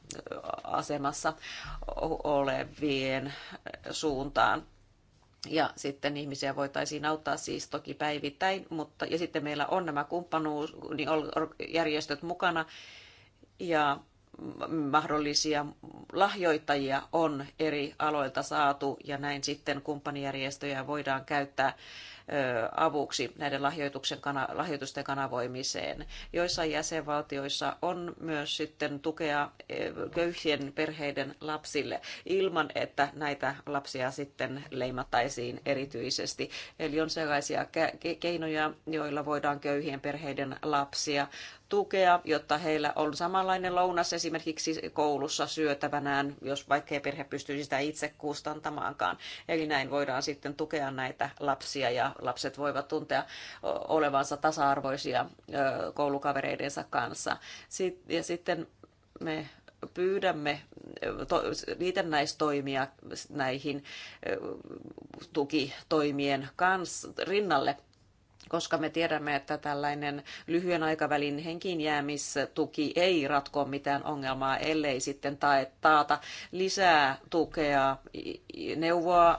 asemassa olevia vien äh, suuntaan. Ja sitten ihmisiä voitaisiin auttaa siis toki päivittäin, mutta ja sitten meillä on nämä kumppanuusjärjestöt niin mukana ja mahdollisia lahjoittajia on eri aloilta saatu ja näin sitten kumppanijärjestöjä voidaan käyttää avuksi näiden lahjoituksen, lahjoitusten kanavoimiseen. Joissain jäsenvaltioissa on myös sitten tukea köyhien perheiden lapsille ilman, että näitä lapsia sitten leimattaisiin erityisesti. Eli on sellaisia keinoja, joilla voidaan köyhien perheiden lapsia tukea, jotta heillä on samanlainen lounas esimerkiksi koulussa syötävänään, jos vaikkei perhe pystyisi sitä itse kustantamaankaan. Eli näin voidaan sitten tukea näitä lapsia ja lapset voivat tuntea olevansa tasa-arvoisia koulukavereidensa kanssa. Ja sitten me pyydämme liitännäistoimia näihin tukitoimien kanssa, rinnalle koska me tiedämme, että tällainen lyhyen aikavälin henkiinjäämistuki ei ratko mitään ongelmaa, ellei sitten taata lisää tukea, neuvoa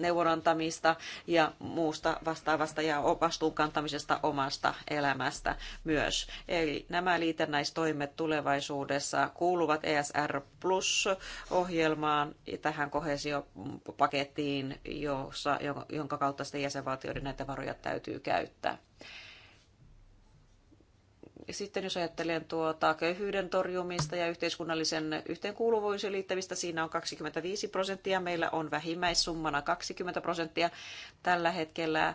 neuvon antamista ja muusta vastaavasta ja vastuun kantamisesta omasta elämästä myös. Eli nämä liitännäistoimet tulevaisuudessa kuuluvat ESR Plus-ohjelmaan, tähän kohesiopakettiin, jossa, jonka kautta sitten jäsenvaltioiden näitä varoja täytyy täytyy käyttää. Sitten jos ajattelen tuota köyhyyden torjumista ja yhteiskunnallisen yhteenkuuluvuuden liittävistä, siinä on 25 prosenttia. Meillä on vähimmäissummana 20 prosenttia tällä hetkellä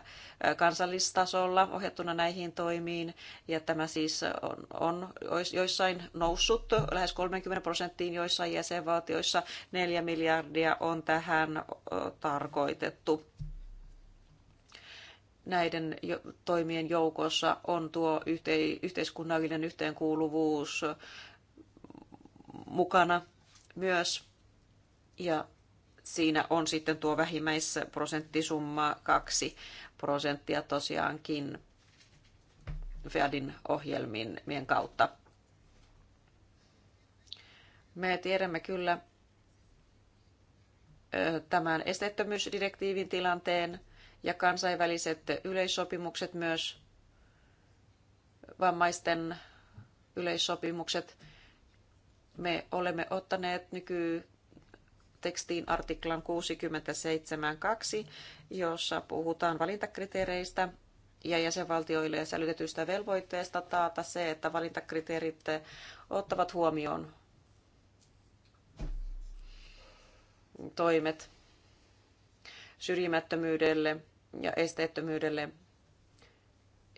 kansallistasolla ohjattuna näihin toimiin. Ja tämä siis on, on joissain noussut lähes 30 prosenttiin, joissain jäsenvaltioissa 4 miljardia on tähän tarkoitettu näiden toimien joukossa on tuo yhteiskunnallinen yhteenkuuluvuus mukana myös. Ja siinä on sitten tuo vähimmäisprosenttisumma kaksi prosenttia tosiaankin FEADin ohjelmien kautta. Me tiedämme kyllä tämän esteettömyysdirektiivin tilanteen – ja kansainväliset yleissopimukset myös, vammaisten yleissopimukset. Me olemme ottaneet nyky tekstiin artiklan 67.2, jossa puhutaan valintakriteereistä ja jäsenvaltioille sälytetystä velvoitteesta taata se, että valintakriteerit ottavat huomioon toimet syrjimättömyydelle ja esteettömyydelle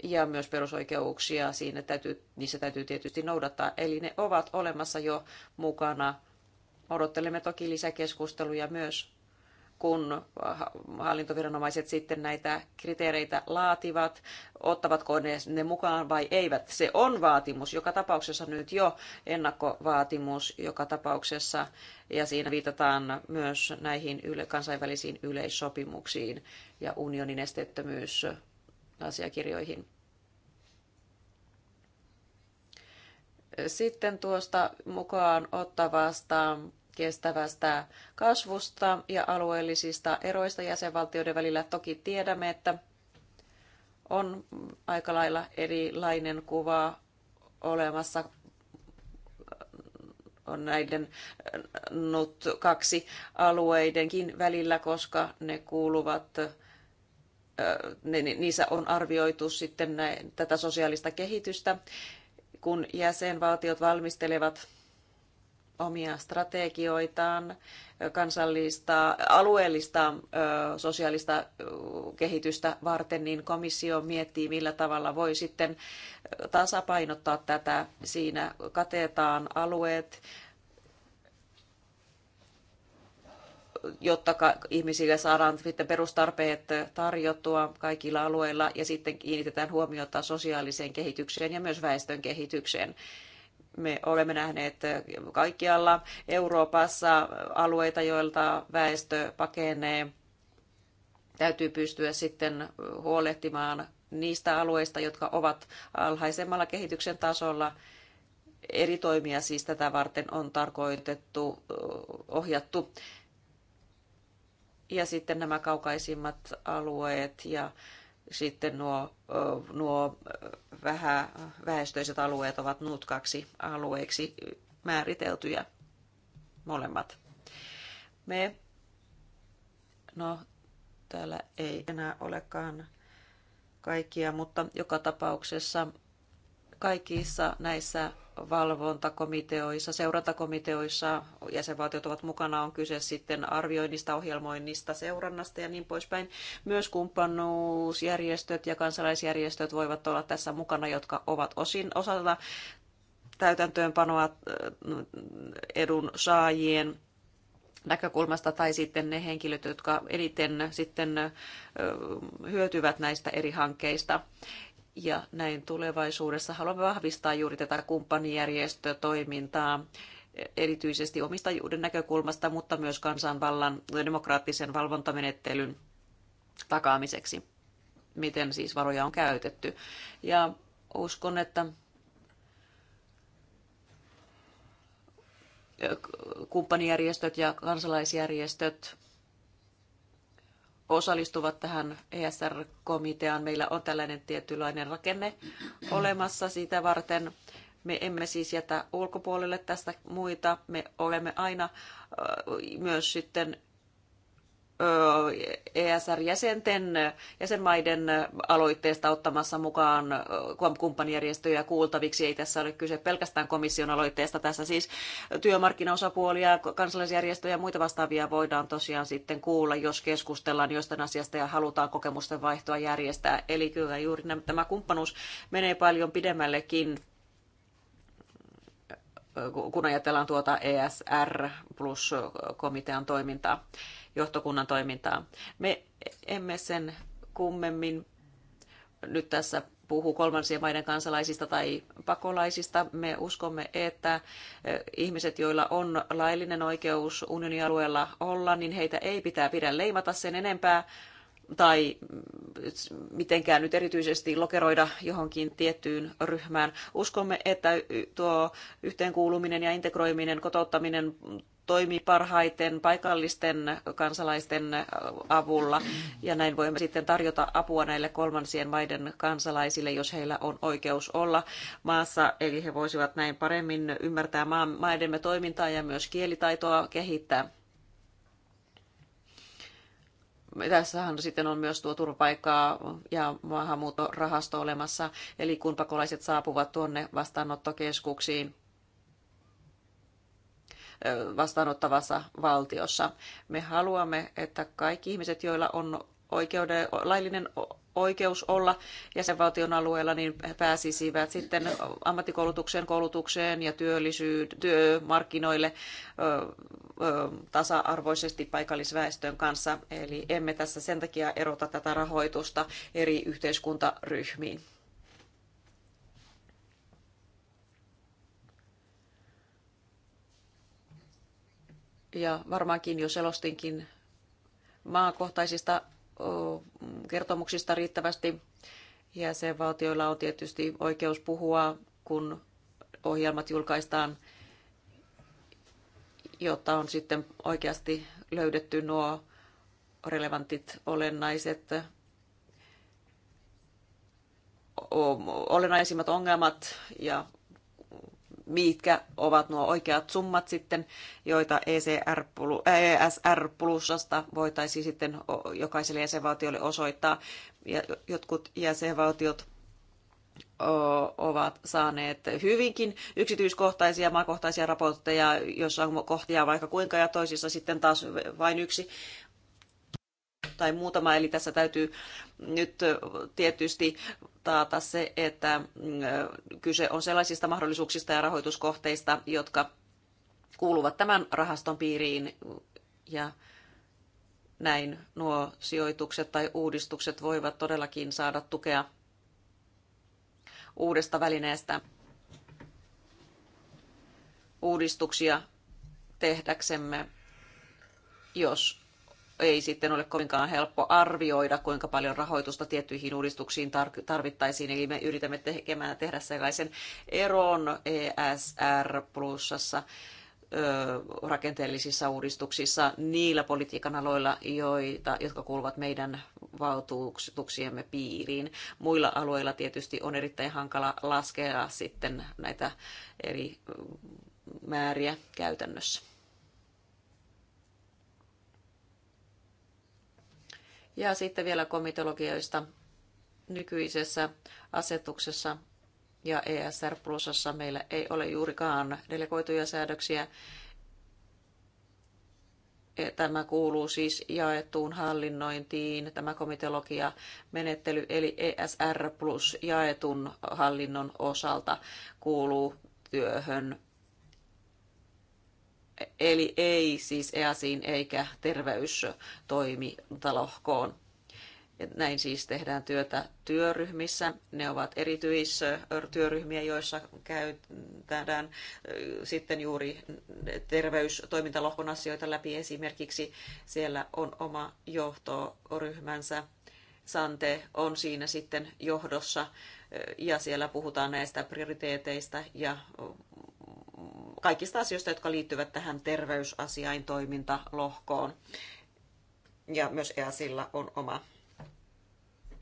ja myös perusoikeuksia. Siinä täytyy, niissä täytyy tietysti noudattaa. Eli ne ovat olemassa jo mukana. Odottelemme toki lisäkeskusteluja myös kun hallintoviranomaiset sitten näitä kriteereitä laativat, ottavatko ne, ne mukaan vai eivät. Se on vaatimus joka tapauksessa nyt jo, ennakkovaatimus joka tapauksessa, ja siinä viitataan myös näihin yle, kansainvälisiin yleissopimuksiin ja unionin esteettömyysasiakirjoihin. Sitten tuosta mukaan ottavasta kestävästä kasvusta ja alueellisista eroista jäsenvaltioiden välillä. Toki tiedämme, että on aika lailla erilainen kuva olemassa on näiden NUT kaksi alueidenkin välillä, koska ne kuuluvat ne, niissä on arvioitu sitten näin, tätä sosiaalista kehitystä, kun jäsenvaltiot valmistelevat omia strategioitaan, kansallista, alueellista, sosiaalista kehitystä varten, niin komissio miettii, millä tavalla voi sitten tasapainottaa tätä. Siinä katetaan alueet, jotta ihmisille saadaan sitten perustarpeet tarjottua kaikilla alueilla ja sitten kiinnitetään huomiota sosiaaliseen kehitykseen ja myös väestön kehitykseen me olemme nähneet kaikkialla Euroopassa alueita, joilta väestö pakenee. Täytyy pystyä sitten huolehtimaan niistä alueista, jotka ovat alhaisemmalla kehityksen tasolla. Eri toimia siis tätä varten on tarkoitettu, ohjattu. Ja sitten nämä kaukaisimmat alueet ja sitten nuo, nuo vähä, väestöiset alueet ovat nutkaksi alueiksi määriteltyjä molemmat. Me, no täällä ei enää olekaan kaikkia, mutta joka tapauksessa Kaikissa näissä valvontakomiteoissa, seurantakomiteoissa jäsenvaltiot ovat mukana, on kyse sitten arvioinnista, ohjelmoinnista, seurannasta ja niin poispäin. Myös kumppanuusjärjestöt ja kansalaisjärjestöt voivat olla tässä mukana, jotka ovat osin osalla täytäntöönpanoa äh, edun saajien näkökulmasta tai sitten ne henkilöt, jotka eniten sitten äh, hyötyvät näistä eri hankkeista. Ja näin tulevaisuudessa haluamme vahvistaa juuri tätä kumppanijärjestötoimintaa erityisesti omistajuuden näkökulmasta, mutta myös kansanvallan ja demokraattisen valvontamenettelyn takaamiseksi, miten siis varoja on käytetty. Ja uskon, että kumppanijärjestöt ja kansalaisjärjestöt osallistuvat tähän ESR-komiteaan. Meillä on tällainen tietynlainen rakenne olemassa sitä varten. Me emme siis jätä ulkopuolelle tästä muita. Me olemme aina myös sitten ESR-jäsenten, jäsenmaiden aloitteesta ottamassa mukaan kumppanijärjestöjä kuultaviksi. Ei tässä ole kyse pelkästään komission aloitteesta. Tässä siis työmarkkinaosapuolia, kansalaisjärjestöjä ja muita vastaavia voidaan tosiaan sitten kuulla, jos keskustellaan jostain asiasta ja halutaan kokemusten vaihtoa järjestää. Eli kyllä juuri tämä kumppanuus menee paljon pidemmällekin kun ajatellaan tuota ESR plus komitean toimintaa, johtokunnan toimintaa. Me emme sen kummemmin nyt tässä puhu kolmansien maiden kansalaisista tai pakolaisista. Me uskomme, että ihmiset, joilla on laillinen oikeus unionin alueella olla, niin heitä ei pitää pidä leimata sen enempää tai mm, mitenkään nyt erityisesti lokeroida johonkin tiettyyn ryhmään. Uskomme, että tuo yhteenkuuluminen ja integroiminen, kotouttaminen toimii parhaiten paikallisten kansalaisten avulla ja näin voimme sitten tarjota apua näille kolmansien maiden kansalaisille, jos heillä on oikeus olla maassa, eli he voisivat näin paremmin ymmärtää maidemme toimintaa ja myös kielitaitoa kehittää. Tässähän sitten on myös tuo turvapaikkaa ja maahanmuuttorahasto olemassa, eli kun pakolaiset saapuvat tuonne vastaanottokeskuksiin, vastaanottavassa valtiossa. Me haluamme, että kaikki ihmiset, joilla on oikeuden, laillinen oikeus olla jäsenvaltion alueella, niin pääsisivät sitten ammattikoulutukseen, koulutukseen ja työllisyyd, työmarkkinoille tasa-arvoisesti paikallisväestön kanssa. Eli emme tässä sen takia erota tätä rahoitusta eri yhteiskuntaryhmiin. Ja varmaankin jo selostinkin maakohtaisista kertomuksista riittävästi. Jäsenvaltioilla on tietysti oikeus puhua, kun ohjelmat julkaistaan, jotta on sitten oikeasti löydetty nuo relevantit olennaiset olennaisimmat ongelmat ja mitkä ovat nuo oikeat summat sitten, joita ECR, äh, ESR plusasta voitaisiin sitten jokaiselle jäsenvaltiolle osoittaa. Ja jotkut jäsenvaltiot ovat saaneet hyvinkin yksityiskohtaisia, maakohtaisia raportteja, joissa on kohtia vaikka kuinka ja toisissa sitten taas vain yksi tai muutama. Eli tässä täytyy nyt tietysti taata se, että mm, kyse on sellaisista mahdollisuuksista ja rahoituskohteista, jotka kuuluvat tämän rahaston piiriin ja näin nuo sijoitukset tai uudistukset voivat todellakin saada tukea uudesta välineestä uudistuksia tehdäksemme, jos ei sitten ole kovinkaan helppo arvioida, kuinka paljon rahoitusta tiettyihin uudistuksiin tarvittaisiin. Eli me yritämme tekemään, tehdä sellaisen eron ESR plussassa rakenteellisissa uudistuksissa niillä politiikan aloilla, joita, jotka kuuluvat meidän valtuutuksiemme piiriin. Muilla aloilla tietysti on erittäin hankala laskea sitten näitä eri määriä käytännössä. Ja sitten vielä komitologioista nykyisessä asetuksessa ja ESR Plusassa meillä ei ole juurikaan delegoituja säädöksiä. E, tämä kuuluu siis jaettuun hallinnointiin, tämä komitologia-menettely, eli ESR plus jaetun hallinnon osalta kuuluu työhön eli ei siis EASiin eikä terveystoimitalohkoon. Näin siis tehdään työtä työryhmissä. Ne ovat erityistyöryhmiä, joissa käytetään sitten juuri terveystoimintalohkon asioita läpi. Esimerkiksi siellä on oma johtoryhmänsä. Sante on siinä sitten johdossa ja siellä puhutaan näistä prioriteeteista ja kaikista asioista, jotka liittyvät tähän terveysasiain toimintalohkoon. Ja myös EASilla on oma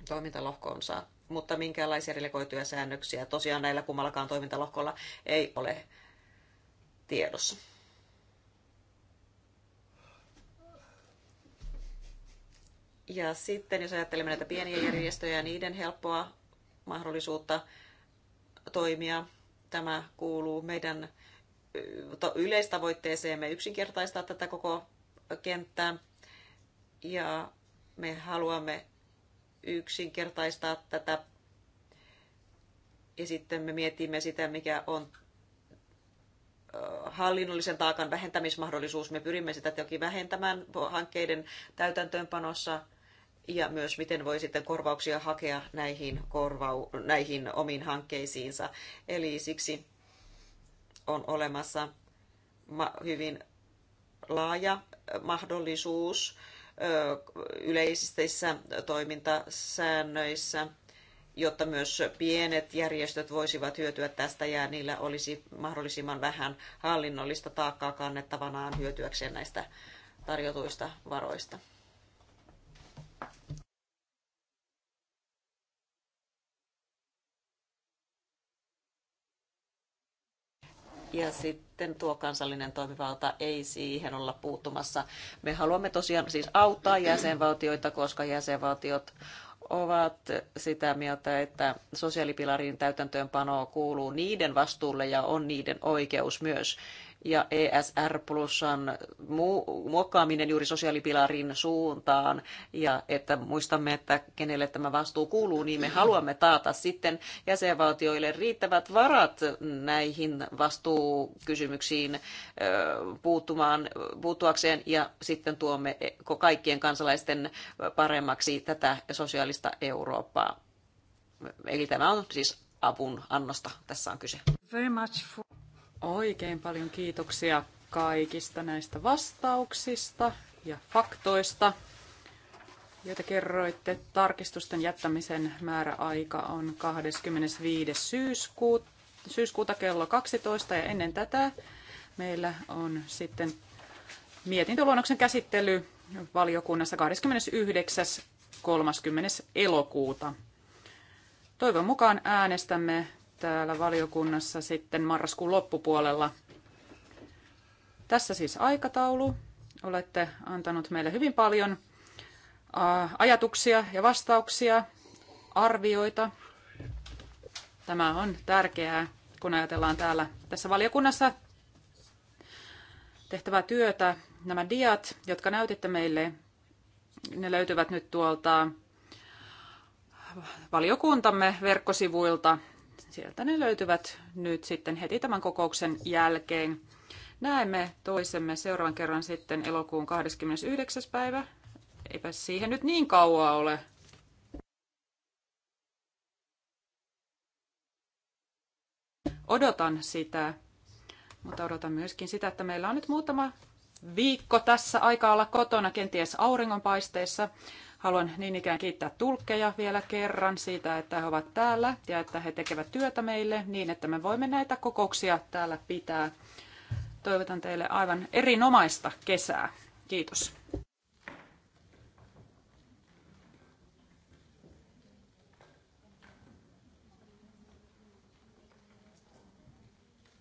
toimintalohkoonsa. Mutta minkäänlaisia delegoituja säännöksiä tosiaan näillä kummallakaan toimintalohkolla ei ole tiedossa. Ja sitten jos ajattelemme näitä pieniä järjestöjä ja niiden helppoa mahdollisuutta toimia, tämä kuuluu meidän yleistavoitteeseemme yksinkertaistaa tätä koko kenttää. Ja me haluamme yksinkertaistaa tätä ja sitten me mietimme sitä, mikä on hallinnollisen taakan vähentämismahdollisuus. Me pyrimme sitä toki vähentämään hankkeiden täytäntöönpanossa ja myös miten voi sitten korvauksia hakea näihin, korvau, näihin omiin hankkeisiinsa. Eli siksi on olemassa hyvin laaja äh, mahdollisuus äh, yleisissä toimintasäännöissä, jotta myös pienet järjestöt voisivat hyötyä tästä ja niillä olisi mahdollisimman vähän hallinnollista taakkaa kannettavanaan hyötyäkseen näistä tarjotuista varoista. ja sitten tuo kansallinen toimivalta ei siihen olla puuttumassa. Me haluamme tosiaan siis auttaa jäsenvaltioita, koska jäsenvaltiot ovat sitä mieltä, että sosiaalipilarin täytäntöönpano kuuluu niiden vastuulle ja on niiden oikeus myös ja ESR plusan muokkaaminen juuri sosiaalipilarin suuntaan ja että muistamme, että kenelle tämä vastuu kuuluu, niin me haluamme taata sitten jäsenvaltioille riittävät varat näihin vastuukysymyksiin puuttumaan, puuttuakseen ja sitten tuomme kaikkien kansalaisten paremmaksi tätä sosiaalista Eurooppaa. Eli tämä on siis avun annosta. Tässä on kyse. Oikein paljon kiitoksia kaikista näistä vastauksista ja faktoista, joita kerroitte. Tarkistusten jättämisen määräaika on 25. syyskuuta, syyskuuta kello 12 ja ennen tätä meillä on sitten mietintöluonnoksen käsittely valiokunnassa 29.30. elokuuta. Toivon mukaan äänestämme täällä valiokunnassa sitten marraskuun loppupuolella. Tässä siis aikataulu. Olette antanut meille hyvin paljon ajatuksia ja vastauksia, arvioita. Tämä on tärkeää, kun ajatellaan täällä tässä valiokunnassa tehtävää työtä. Nämä diat, jotka näytitte meille, ne löytyvät nyt tuolta valiokuntamme verkkosivuilta. Sieltä ne löytyvät nyt sitten heti tämän kokouksen jälkeen. Näemme toisemme seuraavan kerran sitten elokuun 29. päivä. Eipä siihen nyt niin kauaa ole. Odotan sitä, mutta odotan myöskin sitä, että meillä on nyt muutama viikko tässä aikaa olla kotona, kenties auringonpaisteessa. Haluan niin ikään kiittää tulkkeja vielä kerran siitä, että he ovat täällä ja että he tekevät työtä meille niin, että me voimme näitä kokouksia täällä pitää. Toivotan teille aivan erinomaista kesää. Kiitos.